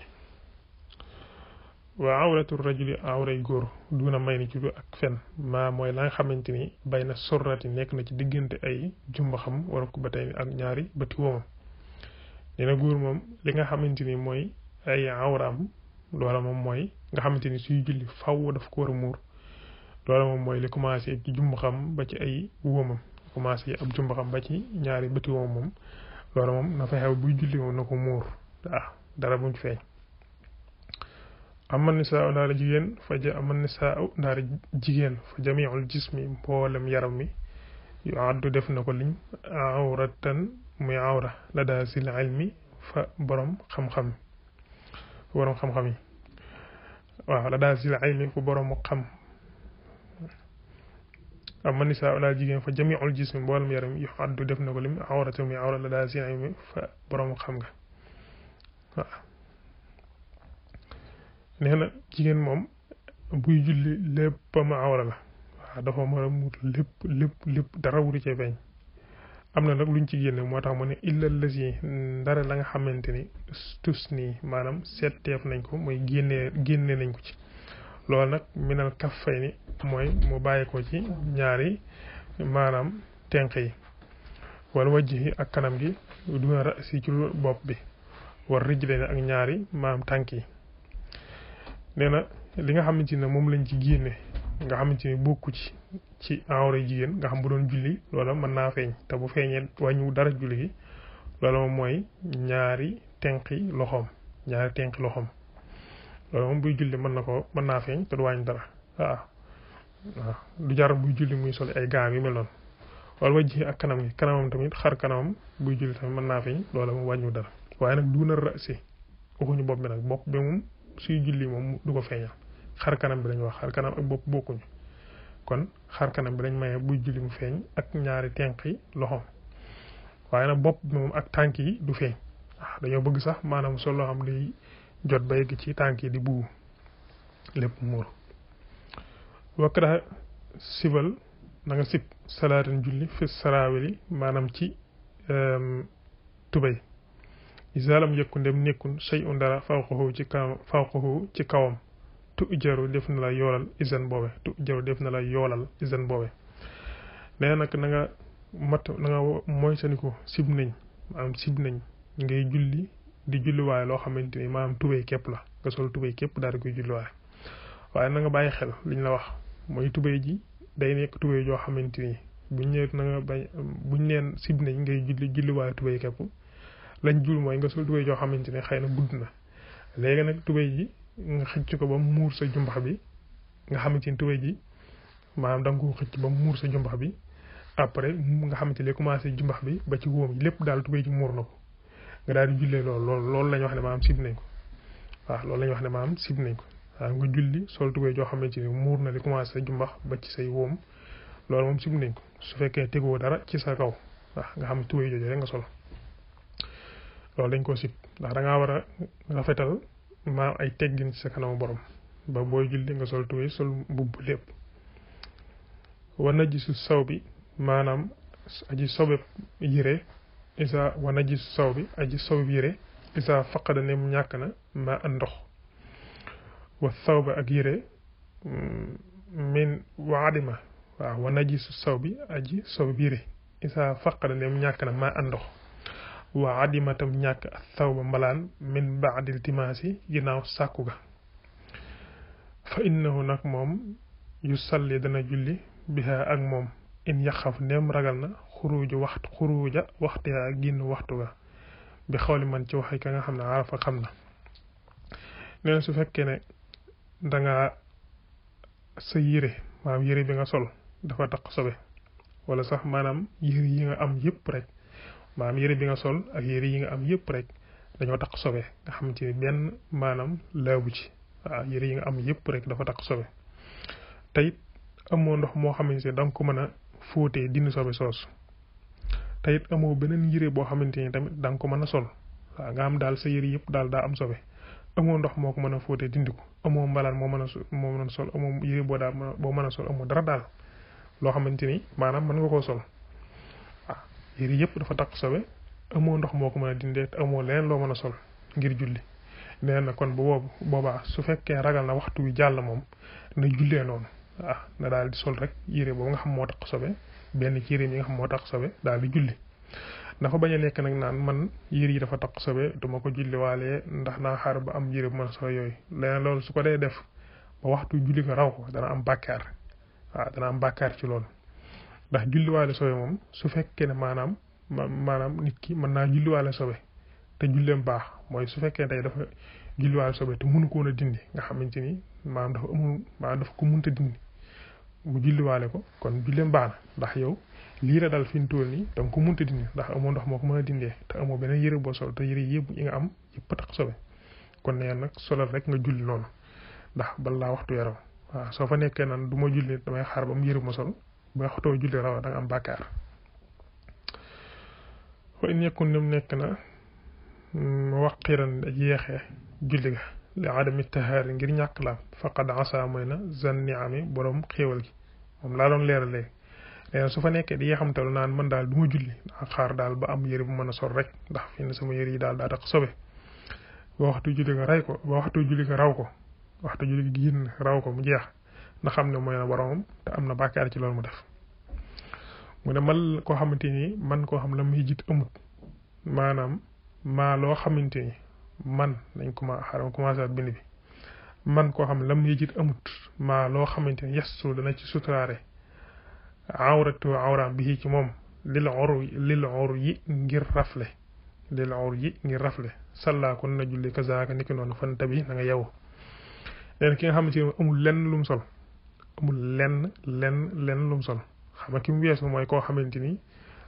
wa awratu rajuli awray góor duna may ni ci lu ak fen maa mooy la nga xamante ni bay na sorrati nekk na ci diggante ay jumba xam wara ko ba tey ak ñaari bëti woomam moom li nga xamante ni mooy ay awraam loola moom mooy nga xamante ni suy julli faw daf ko war muur loola moom mooy li commencé ci jumba ba ci ay woomam commencé ab jumba ba ci ñaari bëti woomam moom na fa xew buy julli moom na ko muur waaw dara buñ feeñ amma nisaa naari jigéen fa ja amma nisaa naari jigéen fa jamiul jismi mboolem yaram mi yu àddu def na ko liñ awratan muy awra la daa sil ilmi fa borom xam-xam fa borom xam-xam yi waaw la daa sil ilmi fa borom xam amma nisaa naari jigéen fa jamiul jismi mboolem yaram yu àddu def na ko lim awratan muy awra la daa sil ilmi fa borom xam nga waaw nee na jigéen moom buy julli léppam awra la waaw dafa mën lépp lépp lépp dara wuri cee feeñ am na nag luñ ci génne moo tax mu ne illal lës yi ndara la nga xamante ni tus nii maanaam seetteef nañ ko mooy génnee génne nañ ko ci loolu nag minal kaf fay ni mooy mu bàyyi ko ci ñaari maanaam tenk yi wala wajj yi ak kanam gi duna ra si ci bopp bi war rijle ak ñaari maanaam tànk yi nee na li nga xamante ne moom lañ ci génne nga xamante ne bokku ci ci awra jigéen nga xam bu doon julli loola mën naa feeñ te bu feeñee wàññiwu dara julli gi mooy ñaari tenqi loxoom ñaari tenqi loxoom loolu buy julli mën na ko mën naa feeñ te du wàññi dara waaw waaw du jar buy julli muy sol ay gaam yi mel noonu wala ma ji ak kanam gi kanamam tamit xar kanamam buy julli tamit mën naa feeñ loola moom wàññiwu dara waaye nag duuna rasi waxuñu bopp bi nag bopp bi moom suy julli moom du ko feeñal xarkanam bi lañ wax xar kanam ak bopp bokkuñu kon xar kanam bi dañ maye buy julli mu feeñ ak ñaari tenq yi loxoom waaye nag bopp moom ak tànk yi du feeñ waaw ah, dañoo bëgg sax maanaam sol loo xam day jot ba yegg ci tànki di buubu lépp muur wakra sibal na sib salaatin julli fi saraawili maanaam ci tubéy isalam yakkundem nekkun sey u ndara fawqahu ci kawam tu jaru def na la yoolal isan boobe tu jaru def na la yoolal isan boobe nee nag na nga mat na nga mooy saniku sib nañ maanaam sib nañ ngay julli di julliwaaye loo xamante ni maanaam tubay képp la nga sol tubay képp daal di koy julliwaaye waaye na nga bàyyi xel li ñu la wax mooy tubay ji day nekk tubay joo xamante ni buñ ne na nga bañ buñ neen sib nañ ngay julli julliwaaye tubay képp lañ jul mooy nga sol tubéy joo xamante ne xëy na gudd na léegi nag tubéy ji nga xëcc ko ba muur sa jumbax bi nga xamante ni tubéy ji maanaam da nga ko xëcc ba muur sa jumbax bi après nga xamante ne commencé jumbax bi ba ci wóom yi lépp daal tubéy ji muur na ko nga daal di jullee loolu loolu loolu la ñu wax ne maanaam sib nañ ko waaw loolu la ñu wax ne maanaam sib nañ ko waaw nga julli sol tubéy joo xamante ni muur na li commencé sa jumbax ba ci say wóom loolu moom sib nañ ko su fekkee tegoo dara ci sa kaw waaw nga xam tubéy jooju rek nga solo loolu dañ koo sib ndax da ngaa war a rafetal maam ay teggin sa kanamu borom ba booy julli nga sol tuwee sol mbubb lépp war na gisu saw bi maanaam aji sobeb yére isa war na gis saw bi aji sobeb yére isa faqada ne mu ñàkk na ma an ndox wa saw ak yére mm, min waadima waaw war na gisu saw bi aji sobeb yére isa faqada ne mu ñàkk na ma an waa adima tam ñàkk ak thawba mbalaan min baadil timaasi ginnaaw sàkku ga fa innahu nag moom yu salli dana julli biha ak moom in yaxaf neem ragal na xuruuju waxtu xuruuja waxtiyaa waxtu ga bi xawli man ci waxe ka nga xam ne arafa xam na nee su fekkee ne danga sa yére maanaam yére bi nga sol dafa taq sobe wala sax maanaam yére yi nga am yëpp rek maam yére bi nga sol ak yére yi nga am yëpp rek dañoo taq sobe nga xam ci benn maanaam laabu ci waaw yëre yi nga am yëpp rek dafa taq sobe te amoo ndox moo xamante ne da ko mën a fóotee dindi sobe soosu te it amoo beneen yëre boo xamante ni tamit da ko mën a sol waaw nga am daal sa yëre yëpp daal daa am sobe amoo ndox moo ko mën a footee dindi ko amoo mbalaan moo mën a moo sol amoo yëre boo daa boo mën a sol amoo dara daal loo xamante ni maanaam mën nga koo sol yére yëpp dafa takk sobe amoo ndox moo ko mën a dindee te amoo leneen loo mën a sol ngir julli nee na kon bu boobu boobaa su fekkee ragal na waxtu wi jàll moom na jullee noonu ah na daal di sol rek yére boobu nga xam moo takk sobe benn ci yére yi nga xam moo takk sobe daal di julli dafa bañ a nekk nag man yére yi dafa takk sobe duma ko julli ndax naa xaar ba am yére bu mën a sol yooyu leneen loolu su ko dee def ba waxtu julli ko raw ko dana am bàkkaar waaw ah, dana am bàkkaar ci loolu ndax julliwaale sobe moom su fekkee ne maanaam maanaam nit ki mën naa julliwaale sobe te julleem baax mooy su fekkee tey dafa julliwaale sobe te mënu ko a dindi nga xamante ni maanaam dafa amul maanaam dafa ko mënta dindi mu julliwaale ko kon julleem baax na ndax yow lii la daal fi mu tuur nii danga ko mënta dindi ndax amoo ndox moo ko mën a dindee te amoo beneen yëre boo sol te yëre yëpp yi nga am yëpp tax sobe kon nee nag solal rek nga julli noonu ndax balaa waxtu yaram waaw soo fa nekkee naan du ma julli damay xaar ba yëre ma ba waxtoo julli raw da nga am bàkkaar wa in yakun nim nekk na mm, waqiran yeexee julli ga li adami tahaari ngir ñàkk laam faqad asa mooy na zanni ami borom xéewal gi moom laa doon leeral léegi su fa nekkee di yeexamtalu naan man daal du ma julli daa xaar daal ba am yëri bu mën a sol rek ndax fi ne sama yëri yi daal daa tax sobe ba waxtu julli ga ray ko ba waxtu julli ga raw ko waxtu julli raw ko mu jeex na xam ne mooy boromam te am na bàkkaar ci loolu mu def mu ne man koo xamante ni man koo xam la muy jiit amut maanaam maa loo xamante man dañ ko ma xaaral man koo xam ne la muy jiit amut maa loo xamante ni yastu dana ci suturaare awratu awraam bi ci moom lil or lil yi ngir rafle lil or yi ngir rafle sallaa kon na julli kazaaka niki noonu fan tabi na nga yeewu leen ki nga xamante ni amul lenn lum sol amul lenn lenn lenn lum sol xam nga ki weesu mooy koo xamante ni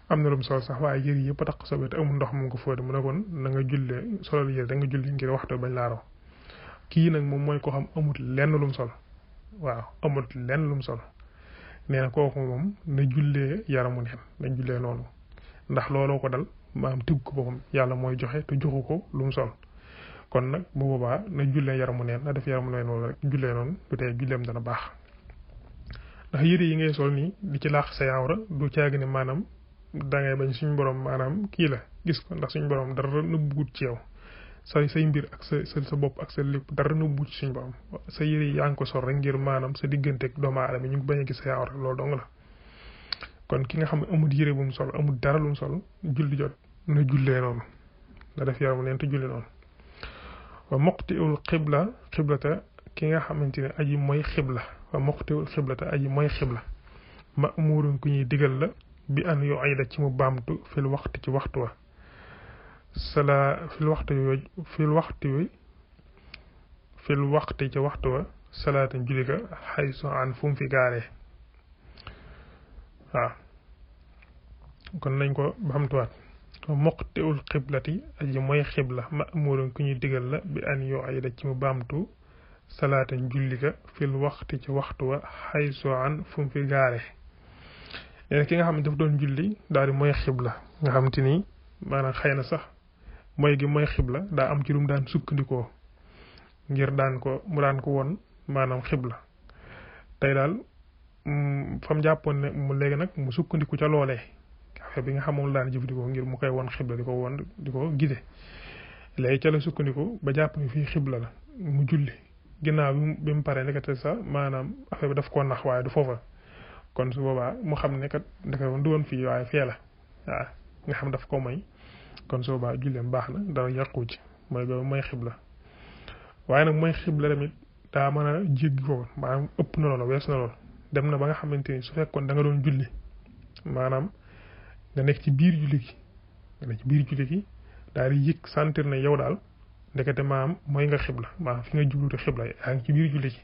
am na lum sol sax waaye yëri yëpp a taq sobe te amul ndox mu ko fóote mu ne kon na nga julle solal yëri da nga julli ngir waxtu bañ laaroo kii nag moom mooy koo xam amut lenn lum sol waaw amut lenn lum sol nee na kooku moom na jullee yaramu neen na jullee noonu ndax looloo ko dal maam tigg ko boppam yàlla mooy joxe te joxu ko lum sol kon nag bu boobaa na jullee yaramu neen na def yaramu neen loolu rek jullee noonu du tee julleem dana baax ndax yëre yi ngay sol nii di ci laax sa yaawra du caag ne maanaam da ngay bañ suñ borom maanaam kii la gis ko ndax suñ borom dara nëbbugut ci yow say say mbir ak sa sa sa bopp ak sa lépp dara nëbbugut ci suñ borom sa yëre yi yaa ngi ko sol rek ngir maanaam sa diggante ak doomu aadama ñu bañ a gis sa yaawra loolu dong la kon ki nga xam ne amul yëre bu mu sol amul dara lu mu sol julli jot na jullee noonu na def yaram neen te julli noonu wa muqtiul qibla qiblata ki nga xamante ne aji mooy xibla fa muxtiwul xiblata aji mooy xibla ma'muurun ku ñuy digal la bi an yu ayda ci mu baamtu fil waxtu ci waxtu wa salaa fil waxtu yooyu fil waxtu wa salaatin julli ga xaysu an fu fi gaaree waaw kon nañ ko baamtuwaat muxtiul xiblati aji mooy xibla ma'muurun ku ñuy digal la bi an yu ayda ci mu baamtu salaatan julli ga fil ci waxtu wa xaysu an fu mu fi gaare nee ki nga xam ne dafa doon julli daal di mooy xibla nga xam te ni maanaam xëy na sax mooy gi mooy xibla daa am ci lu mu daan sukkandikoo ngir daan ko mu daan ko won maanaam xibla tey daal mm, fam jàppoon ne mu léegi nag mu sukkandiku ca loolee bi nga xamoon daan jëfandikoo ngir mu koy won xibla di ko won di ko gise léegi sukkandiku ba jàpp ne fii xibla la mu julli ginnaaw bi mu paree nekkati sa maanaam affaire bi daf koo nax waaye du foofa kon su boobaa mu xam ne kat dafa du woon fii waaye fee la nga xam daf ko may kon su boobaa julleem baax na dara yàqu ci mooy boobu mooy xibla waaye nag mooy xibla tamit daa mën a ko maanaam ëpp na loolu dem na ba nga xamante ni su fekkoon da doon julli maanaam nga nekk ci biir julli gi nga nekk ci biir julli gi daal di yëg sentir ne yow daal. ndekete maam mooy nga xibla maam fi nga jubluwute xibla yaa ngi ci biir julli ci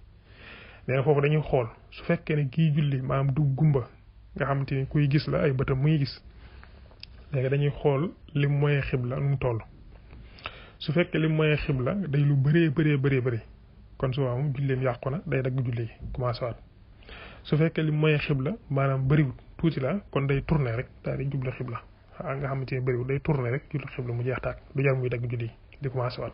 nee foofu dañuy xool su fekkee ne kii julli maam du gumba nga xam te ni kuy gis la ay bëtam muy gis léegi dañuy xool lim mooy xibla nu mu toll su fekkee lim mooy xibla day lu bëree bëree bëree bëri kon su moom julleem yàqu na day dagg julli gi commencé waat su fekkee li mooy xibla maanaam bëriwul tuuti la kon day tourné rek daal di jublu xibla nga xam xamante ne bëriwul day tourné rek jublu xibla mu jeex taag du jar muy dagg julli di commencé waat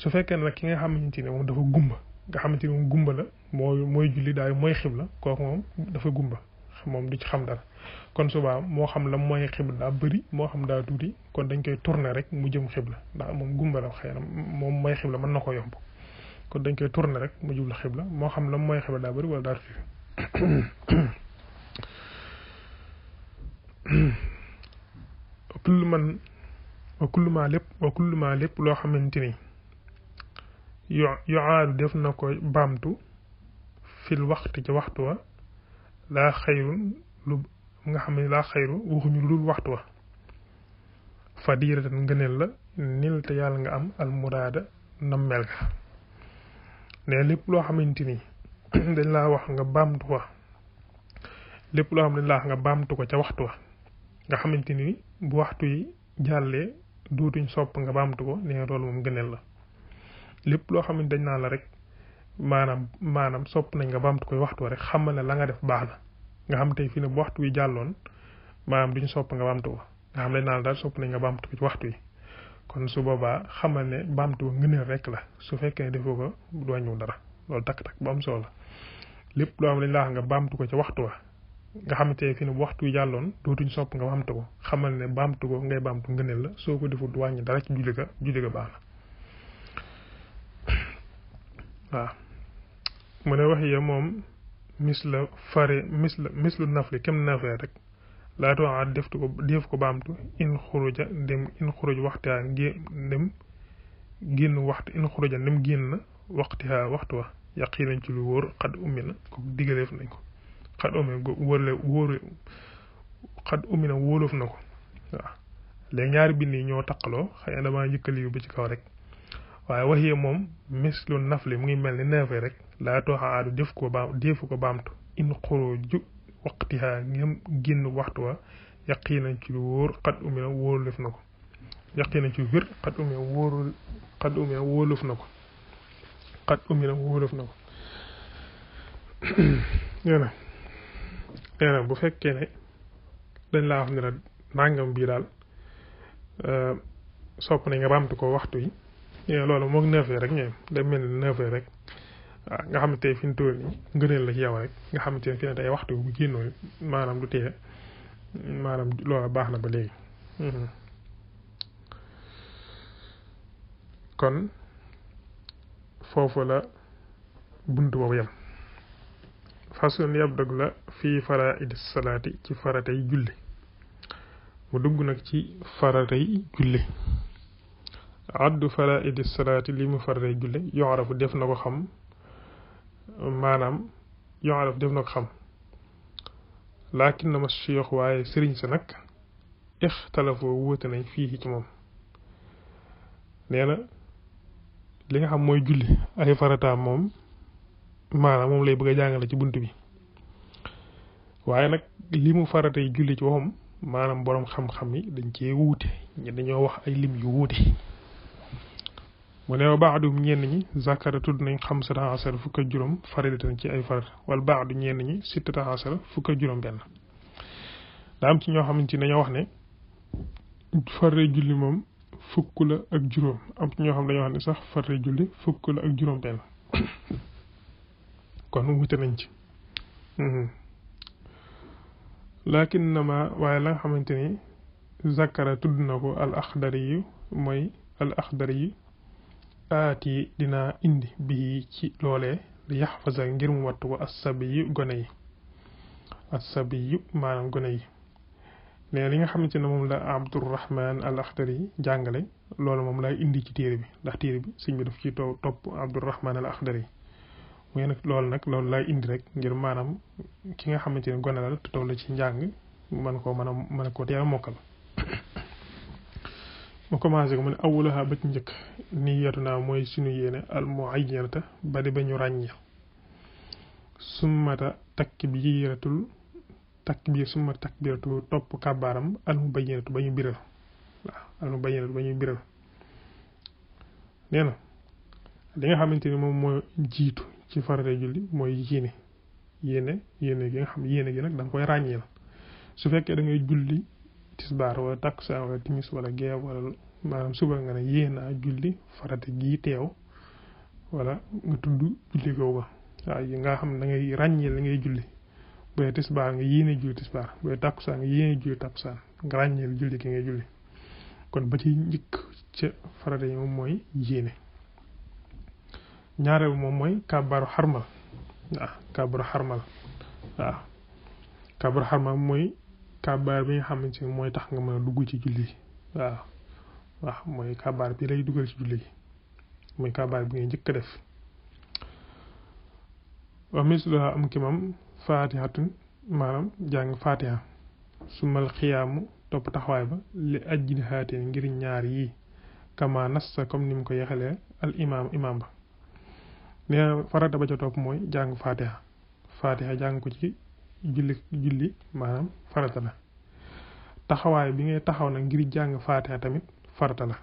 su fekkee nag ki nga xamante ne moom dafa gumba nga xamante ni moom gumba la mooy mooy julli daay mooy xibla kooku moom dafa gumba moom du ci xam dara kon subaa moo xam la mooy xibla daa bëri moo xam daa tuuti kon dañ koy tourner rek mu jëm xibla ndax moom gumba la xëy moom mooy xibla mën na ko yomb kon dañ koy tourner rek mu jublu xibla moo xam la mooy xibla daa bëri wala daa man wa kullu lépp wa lépp loo xamante ni yu yuaadu def na ko baamtu fil waxtu ca waxtu wa laa xayrun lu nga xam ne laa xayru waxuñu waxtu wa fa diiratan la nil te yàlla nga am almuraada nammeel ga ne lépp loo xamante ni dañ laa wax nga baamtu wa lépp loo xam dañ laa wax nga baamtu ko ca waxtu wa nga xamante ni bu waxtu yi jàllee duutuñ sopp nga baamtu ko nee loolu moom gëneel la lépp loo xam ne dañ naa la rek maanaam maanaam sopp nañ nga baamtu koy waxtu rek xamal ne la nga def baax na nga xam tey fii ne bu waxtu wi jàlloon maanaam duñ sopp nga baamtu ko nga xam dañ naan la daal sopp nañ nga baamtu ko ci waxtu wi kon su boobaa xamal ne baamtu ko ngëneel rek la su fekkee ne defoo ko du dara loolu takk-takk bu la lépp loo xam ne laa nga baamtu ko ca waxtu wa nga xamante ne fi ne waxtu wi jàlloon dootuñ sopp nga baamtu ko xamal ne baamtu ko ngay baamtu ngëneel la soo ko defut wàññi dara ci julli ga julli ga na wax ya moom mis la fare mis la mis lu naf li kem nafee rek laata waxaat deftu ko def ko baamtu in xuruja dem in xuruj waxtaan gé dem génn waxtu in xuruja dem génn waxtiha waxtu wa yaqinan ci lu wóor xad ummi na ko digaleef nañ ko xat umi wóorle wóor xat umi na wóoloof na ko waaw léegi ñaari bind yi ñoo taqaloo xëy na damaa njëkkali ba ci kaw rek waaye wax yi moom mislu nafli mu ngi mel ni neefe rek laa tooxa aadu def ko baam baamtu in xuroo ju waqtihaa ngëm génn waxtu wa yaqii nañ ci lu wóor xat umi na wóoloof ko yaqii nañ ci lu wér na wóorul xat umi na ko nee na bu fekkee ne dañ laa wax ne la nangam bii daal euh, sopp nañ nga baamtu ko waxtu yi eh, loolu moog neuf heures rek ñoom day mel ni neuf heures rek waaw ah, nga xam ne tey fi mu toll nii ngëneel la ci yow rek nga xam ne fi ne tey waxtu bu génnoo maanaam du tee maanaam loola baax na ba léegi hmm. kon foofu la bunt boobu yem façon yabdag la fi fara'id salati ci faratay julle mu dugg nag ci faratay julle addu fara'id salati li mu faratay julli yoxarafu def na ko xam maanaam yoxarafu def na ko xam laakin ma siyox waaye sëriñ sa nak ikhtalafu wóote nañ fii ci mom neena li nga xam mooy julli ay farata moom maanaam moom lay bëgg a jàngale ci bunt bi waaye nag li mu faratay julli ci waxam maanaam borom xam-xam yi dañ cee wuute ñi dañoo wax ay lim yu wuute mu ne wa baadum ñenn ñi zakara tudd nañ xamsa taxasara fukk ak juróom farida tan ci ay farata wala baadu ñenn ñi sitta taxasara fukk ak juróom benn daa am ci ñoo xamante ne dañoo wax ne farre julli moom fukk la ak juróom am ci ñoo xam dañoo wax ne sax farre julli fukk la ak juróom benn kon wute nañ ci lakin ma waaye la nga xamante ni zakara tudd na ko al axdari yu mooy al axdari yu aati dinaa indi bi ci loolee li yaxfasa ngir mu wattu ko assabi yu gone yi assabi yu maanaam gone yi ne li nga xamante ne moom la abdourahman al axdari jàngale loolu moom laay indi ci téere bi ndax téere bi sëñ bi daf ci topp abdourahman al axdari muy nak lool nak lool lay indi rek ngir manam ki nga xamanteni ne gone la te toll ci njang man ko manam man ko te mokal mo commencé ko man ne awulaha ba ci njëkk ni yatuna moy sunu al muayyanata bari ba ñu summata takbiratul takbir summa takbiratu top kabaram al mubayyinatu bañu biral wa al mubayyinatu bañu biral neena li nga xamanteni mom moom jitu ci farata julli mooy yéene yéene yéene nga xam yéene gi nag danga koy ràññeel su fekkee da ngay julli tisbaar wala takkusaan wala timis wala gee wala maanaam suba nga ne yéenaa julli farata gii teew wala nga tudd julli waaw yi nga xam da ngay ràññeel da ngay julli bu dee tisbaar nga yéene julli tisbaar bu dee takkusaan nga yéene julli takkusaan nga ràññeel julli gi ngay julli kon ba ci njëkk ca farata yi moom mooy yéene ñaareel moom mooy kabaaru xarmal waaw kabaaru xarmal waaw kabaaru xarmal mooy kabaar bi nga xamante ni mooy tax nga mën a dugg ci julli waaw waaw mooy kabaar bi lay dugal ci julli mooy kabaar bi ngay njëkk a def wa la am kimam fatihatun maanaam jàng fatiha sumal xiyaamu topp taxawaay ba li aj haateen ngir ñaar yi kama nassa comme ni mu ko yexalee al imam imam ba nee farata ba ca mooy jàng fatiha fatiha jàng ko ci julli julli maanaam farata la taxawaay bi ngay taxaw na ngir jàng fatiha tamit farata la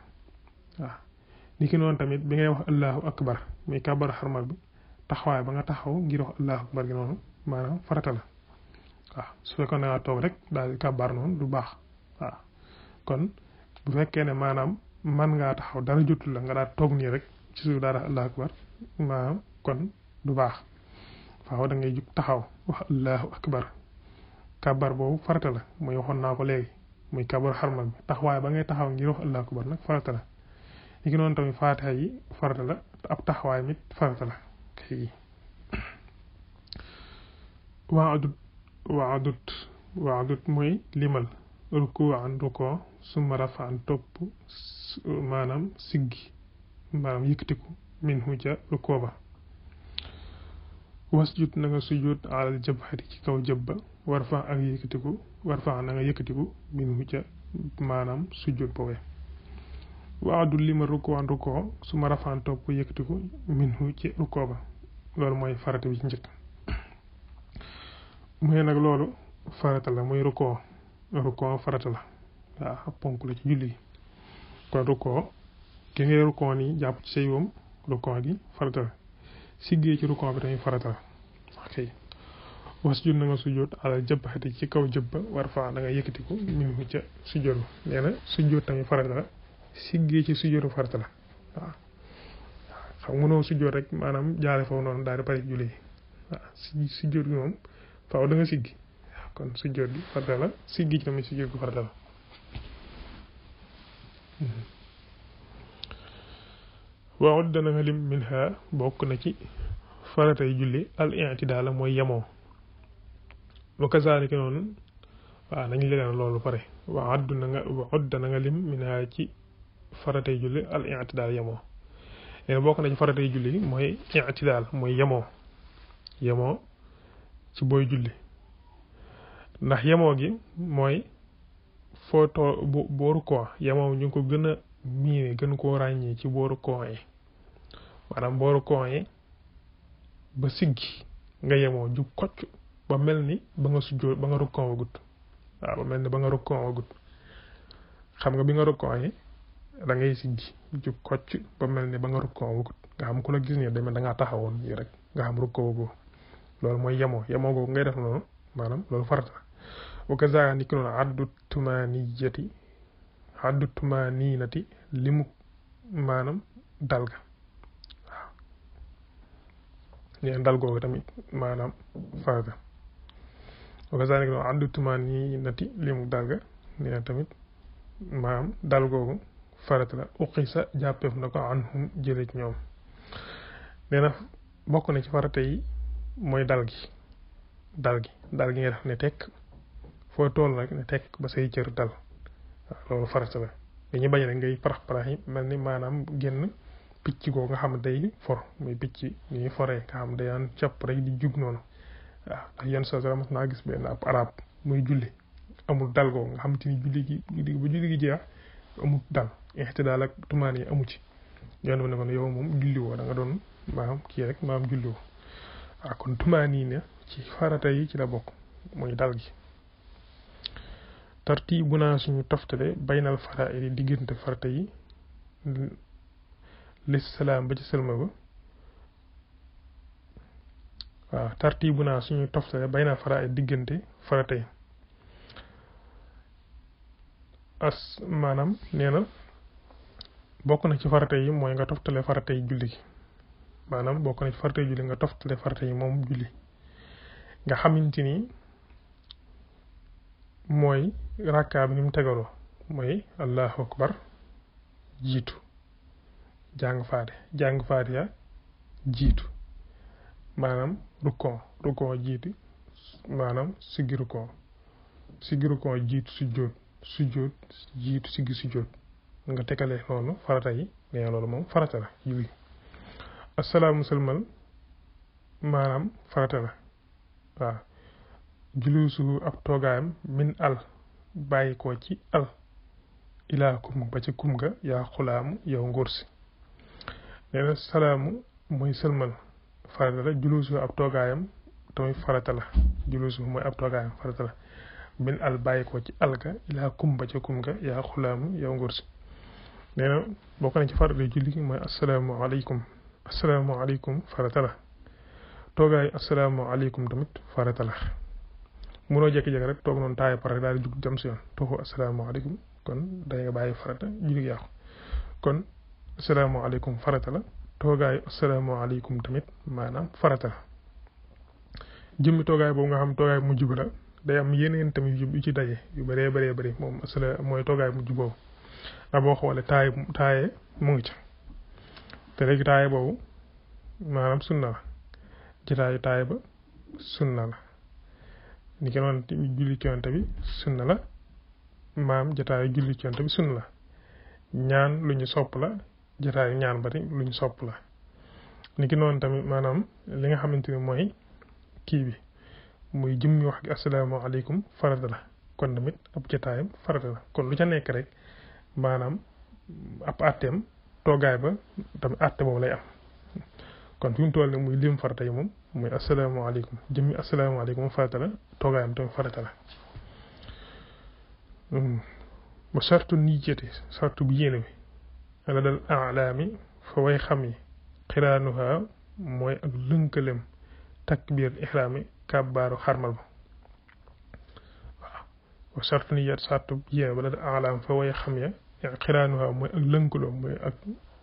waaw ki noonu tamit bi ngay wax allahu akbar muy kabar xarmal bi taxawaay ba nga taxaw ngir wax allahu akbar gi noonu maanaam farata la waaw su toog rek daal di du baax kon bu fekkee ne maanaam man ngaa taxaw dara jotul la nga daal toog nii rek ci daa daal allahu akbar maanaam kon du baax faaw da taxaw wax allahu akbar kabar boobu farata la muy waxoon naa ko léegi muy kabar xarmal bi taxawaay ba ngay taxaw ngir wax allahu akbar nag farata la li ki noonu tamit faatiha yi farata la ab taxawaay mit farata la kay waadut waadut waadut mooy limal ruku an ruko suma rafaan topp maanaam siggi maanaam yëkkatiku min huja rukoba wasjud naga sujud ala jabhati ci kaw jabba warfa ak yëkkatiku warfa naga yëkkatiku min huja manam sujud bowe waadu lima rukoan ruko suma rafaan topp yëkkatiku min hu ci rukoba loolu mooy farata bi ci njëkk mooy nag loolu farata la muy ruko ruko farata la waa ponk la ci julli kon ruko ki ngay ruko nii jàpp ci say woom rukkoo gi farata la siggee ci rukkoo bi farata la wasjud na nga sujjoot ala jabhati ci kaw jëbba war faa nga yëkkati ko minhu ca sujjoot tamit farata la siggee ci farata la waaw xam mënoo sujjoot rek maanaam jaare foofu noonu daal pare julli faaw da nga siggi kon sujjoot farata la siggi ci tamit sujjoot farata la hmm. wa udda na lim minha bokk na ci faratay julli al i'tidal moy yamo wa kazalika non wa nañ leen lolu pare wa adduna nga wa udda na lim minha ci faratay julli al i'tidal yamo ene bokk na ci faratay julli moy i'tidal moy yamo yamo ci boy julli ndax yamo gi moy photo bu bor quoi yamo ñu ko gëna miine gën koo ràññee ci booru Coin maanaam booru Coin ba siggi nga yemoo ju kocc ba mel ni ba nga sujjoo ba nga rukkon wagut waaw ba mel ni ba nga rukkon wagut xam nga bi nga rukkon yi da ngay siggi ju kocc mel ni ba nga rukkon wagut nga xam ku la gis ne deme da ngaa taxawoon yi rek nga xam rukkon wagoo loolu mooy yemoo yemoo googu ngay def noonu maanaam loolu farata wa kazaa ni ki noonu addu tumaaniyati addu tumaa nii nati li mu maanaam dal ga waaw neen dal googu tamit maanaam faaga wa kazalika no addu tumaa nii nati li mu dal ga neen tamit maam dal googu farat la uqisa jàppeef na ko anhum jële ci ñoom nee na bokk na ci farata yi mooy dal gi dal gi dal gi nga def ne tekk foo tool rek ne tekk ba say cër dal waaw loolu farata la dañuy bañ rek ngay parax parax yi mel ni maanaam génn picc koo nga xam day for muy picc muy foree nga xam day daan capp rek di jug noonu waaw ndax yenn saa mas naa gis benn ab arab muy julli amul dal goo xam te ni julli gi ba julli gi jeex amul dal ixtidaal ak tumaan yi amu ci yoon bi ne ko ne yow moom julli woo da nga doon maam kii rek maam julli woo waaw kon tumaan yi ne ci farata ci la bokk muy dal gi tartiibu naa suñu toftale baynal faraa'id yi diggante farata yi lissalaam ba ci sëlma ba waaw tartiibu naa suñu toftale baynal faraa'id diggante farata yi as maanaam nee na bokk na ci farata yi mooy nga toftale farata yi julli maanaam bokk na ci farata yi julli nga toftale farata yi moom julli nga xamante ni mooy rakka bi nim tegaloo mooy allahu akbar jiitu jàng faade jàng faade ya jiitu maanaam rukon rukon jiitu maanaam sigi rukon sigi rukon jiitu sujjóot sujjóot jiitu sigi sujjóot nga tegalee noonu farata yi nee loolu moom farata la yiwi asalaamu salmal maanaam farata la waaw julusuhu ab toogaayam min al bàyyi ko ci al ilaa kum ba ci kum ga yaa xulaamu yow nguur si nee na salaamu mooy sëlmal farata la julusuhu ab toogaayam tamit farata la julusuhu mooy ab toogaayam farata la min al bàyyi ko ci al ga ilaa kum ba ci kum ga yaa xulaamu yow nguur si nee na bokk na ci farata julli mooy asalaamaaleykum asalaamaaleykum farata la toogaayu asalaamaaleykum tamit farata la mënoo jékki-jékki rek toog noonu taaya pare daal jug dem si yoon toxu asalaamaaleykum kon da nga bàyyi farata julli yàqu kon asalaamaaleykum farata la toogaayu asalaamaaleykum tamit maanaam farata la jëmmi toogaay boobu nga xam toogaay mujj ba day am yeneen tamit yu ci daje yu bëree bëree bëri moom mooy toogaay mujj boobu boo xoolee taay taaye mu ngi ca te léegi taaye boobu maanaam sunna la jotaayu taaye ba sunna la ni ki noonu julli ci yonent bi sunna la maam jataayu julli ci yonent bi sunna la ñaan lu ñu sopp la jataayu ñaan bari lu ñu sopp la ni ki noonu tamit maanaam li nga xamante ni mooy kii bi muy jëmmi wax gi asalaamaaleykum farata la kon tamit ab jataayam farata la kon lu ca nekk rek maanaam ab àtteem toogaay ba tamit àtte boobu lay am kon fi mu toll muy lim farata yi moom muy asalaamaaleykum jëmmi asalaamaaleykum moom farata la toogaayam tamit farata la ba sartu nijjati sartu bi yéene mi ala dal alaami fa way xam yi xiraanuha mooy ak lënkalem takbir ixraami kàbbaaru xarmal ba waaw ba sartu nijjat sartu bi yéene ba dal alaam fa way xam ya xiraanuha mooy ak lënkaloo mooy ak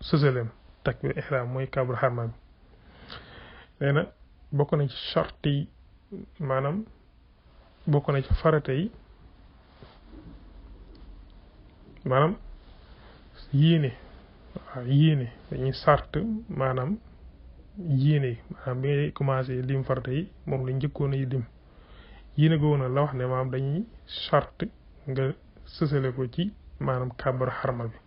sësalem takbir ixraam mooy kàbbaaru xarmal bi nee na bokk na ci charte yi maanaam bokk na ci farata yi maanaam yéene waaw yéene dañuy sart maanaam yéene maanaam bi ngay commencé lim farata yi moom lañ njëkkoon a lim yéene googu na la wax ne maanaam dañuy sart nga sësale ko ci maanaam kàbbaru xarmal bi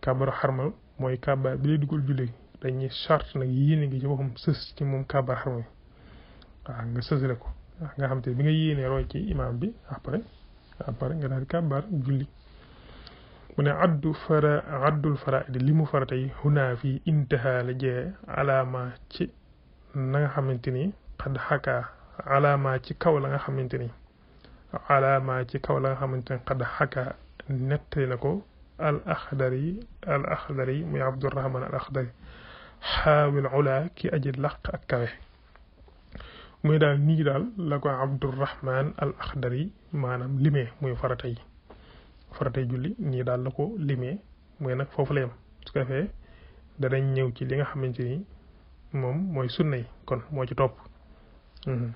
kàbbaru xarmal mooy kàbbaar bi lay dugal julli dañuy charte nag yéene ngi ci boppam sës ci moom kabar xarma waaw nga sësle ko nga xam te bi nga yéene roy ci imaam bi après après nga daal di kabar julli mu addu fara addul faraidi li mu farata yi xunaa fii intaha la jee alaama ci na nga xamante ni xad xakaa alaama ci kaw la nga xamante ni alaama ci kaw la nga xamante ni ko al axdari al axdari muy abdurahman al axdari xaawil ula ki aji laq ak kawe muy daal nii daal la ko abdurrahman al akhdari maanaam limee muy farata yi julli ñii daal la ko limee mooy nag foofu la yem su ñëw ci li nga xamante ni moom mooy sunna yi kon moo ci topp mhm.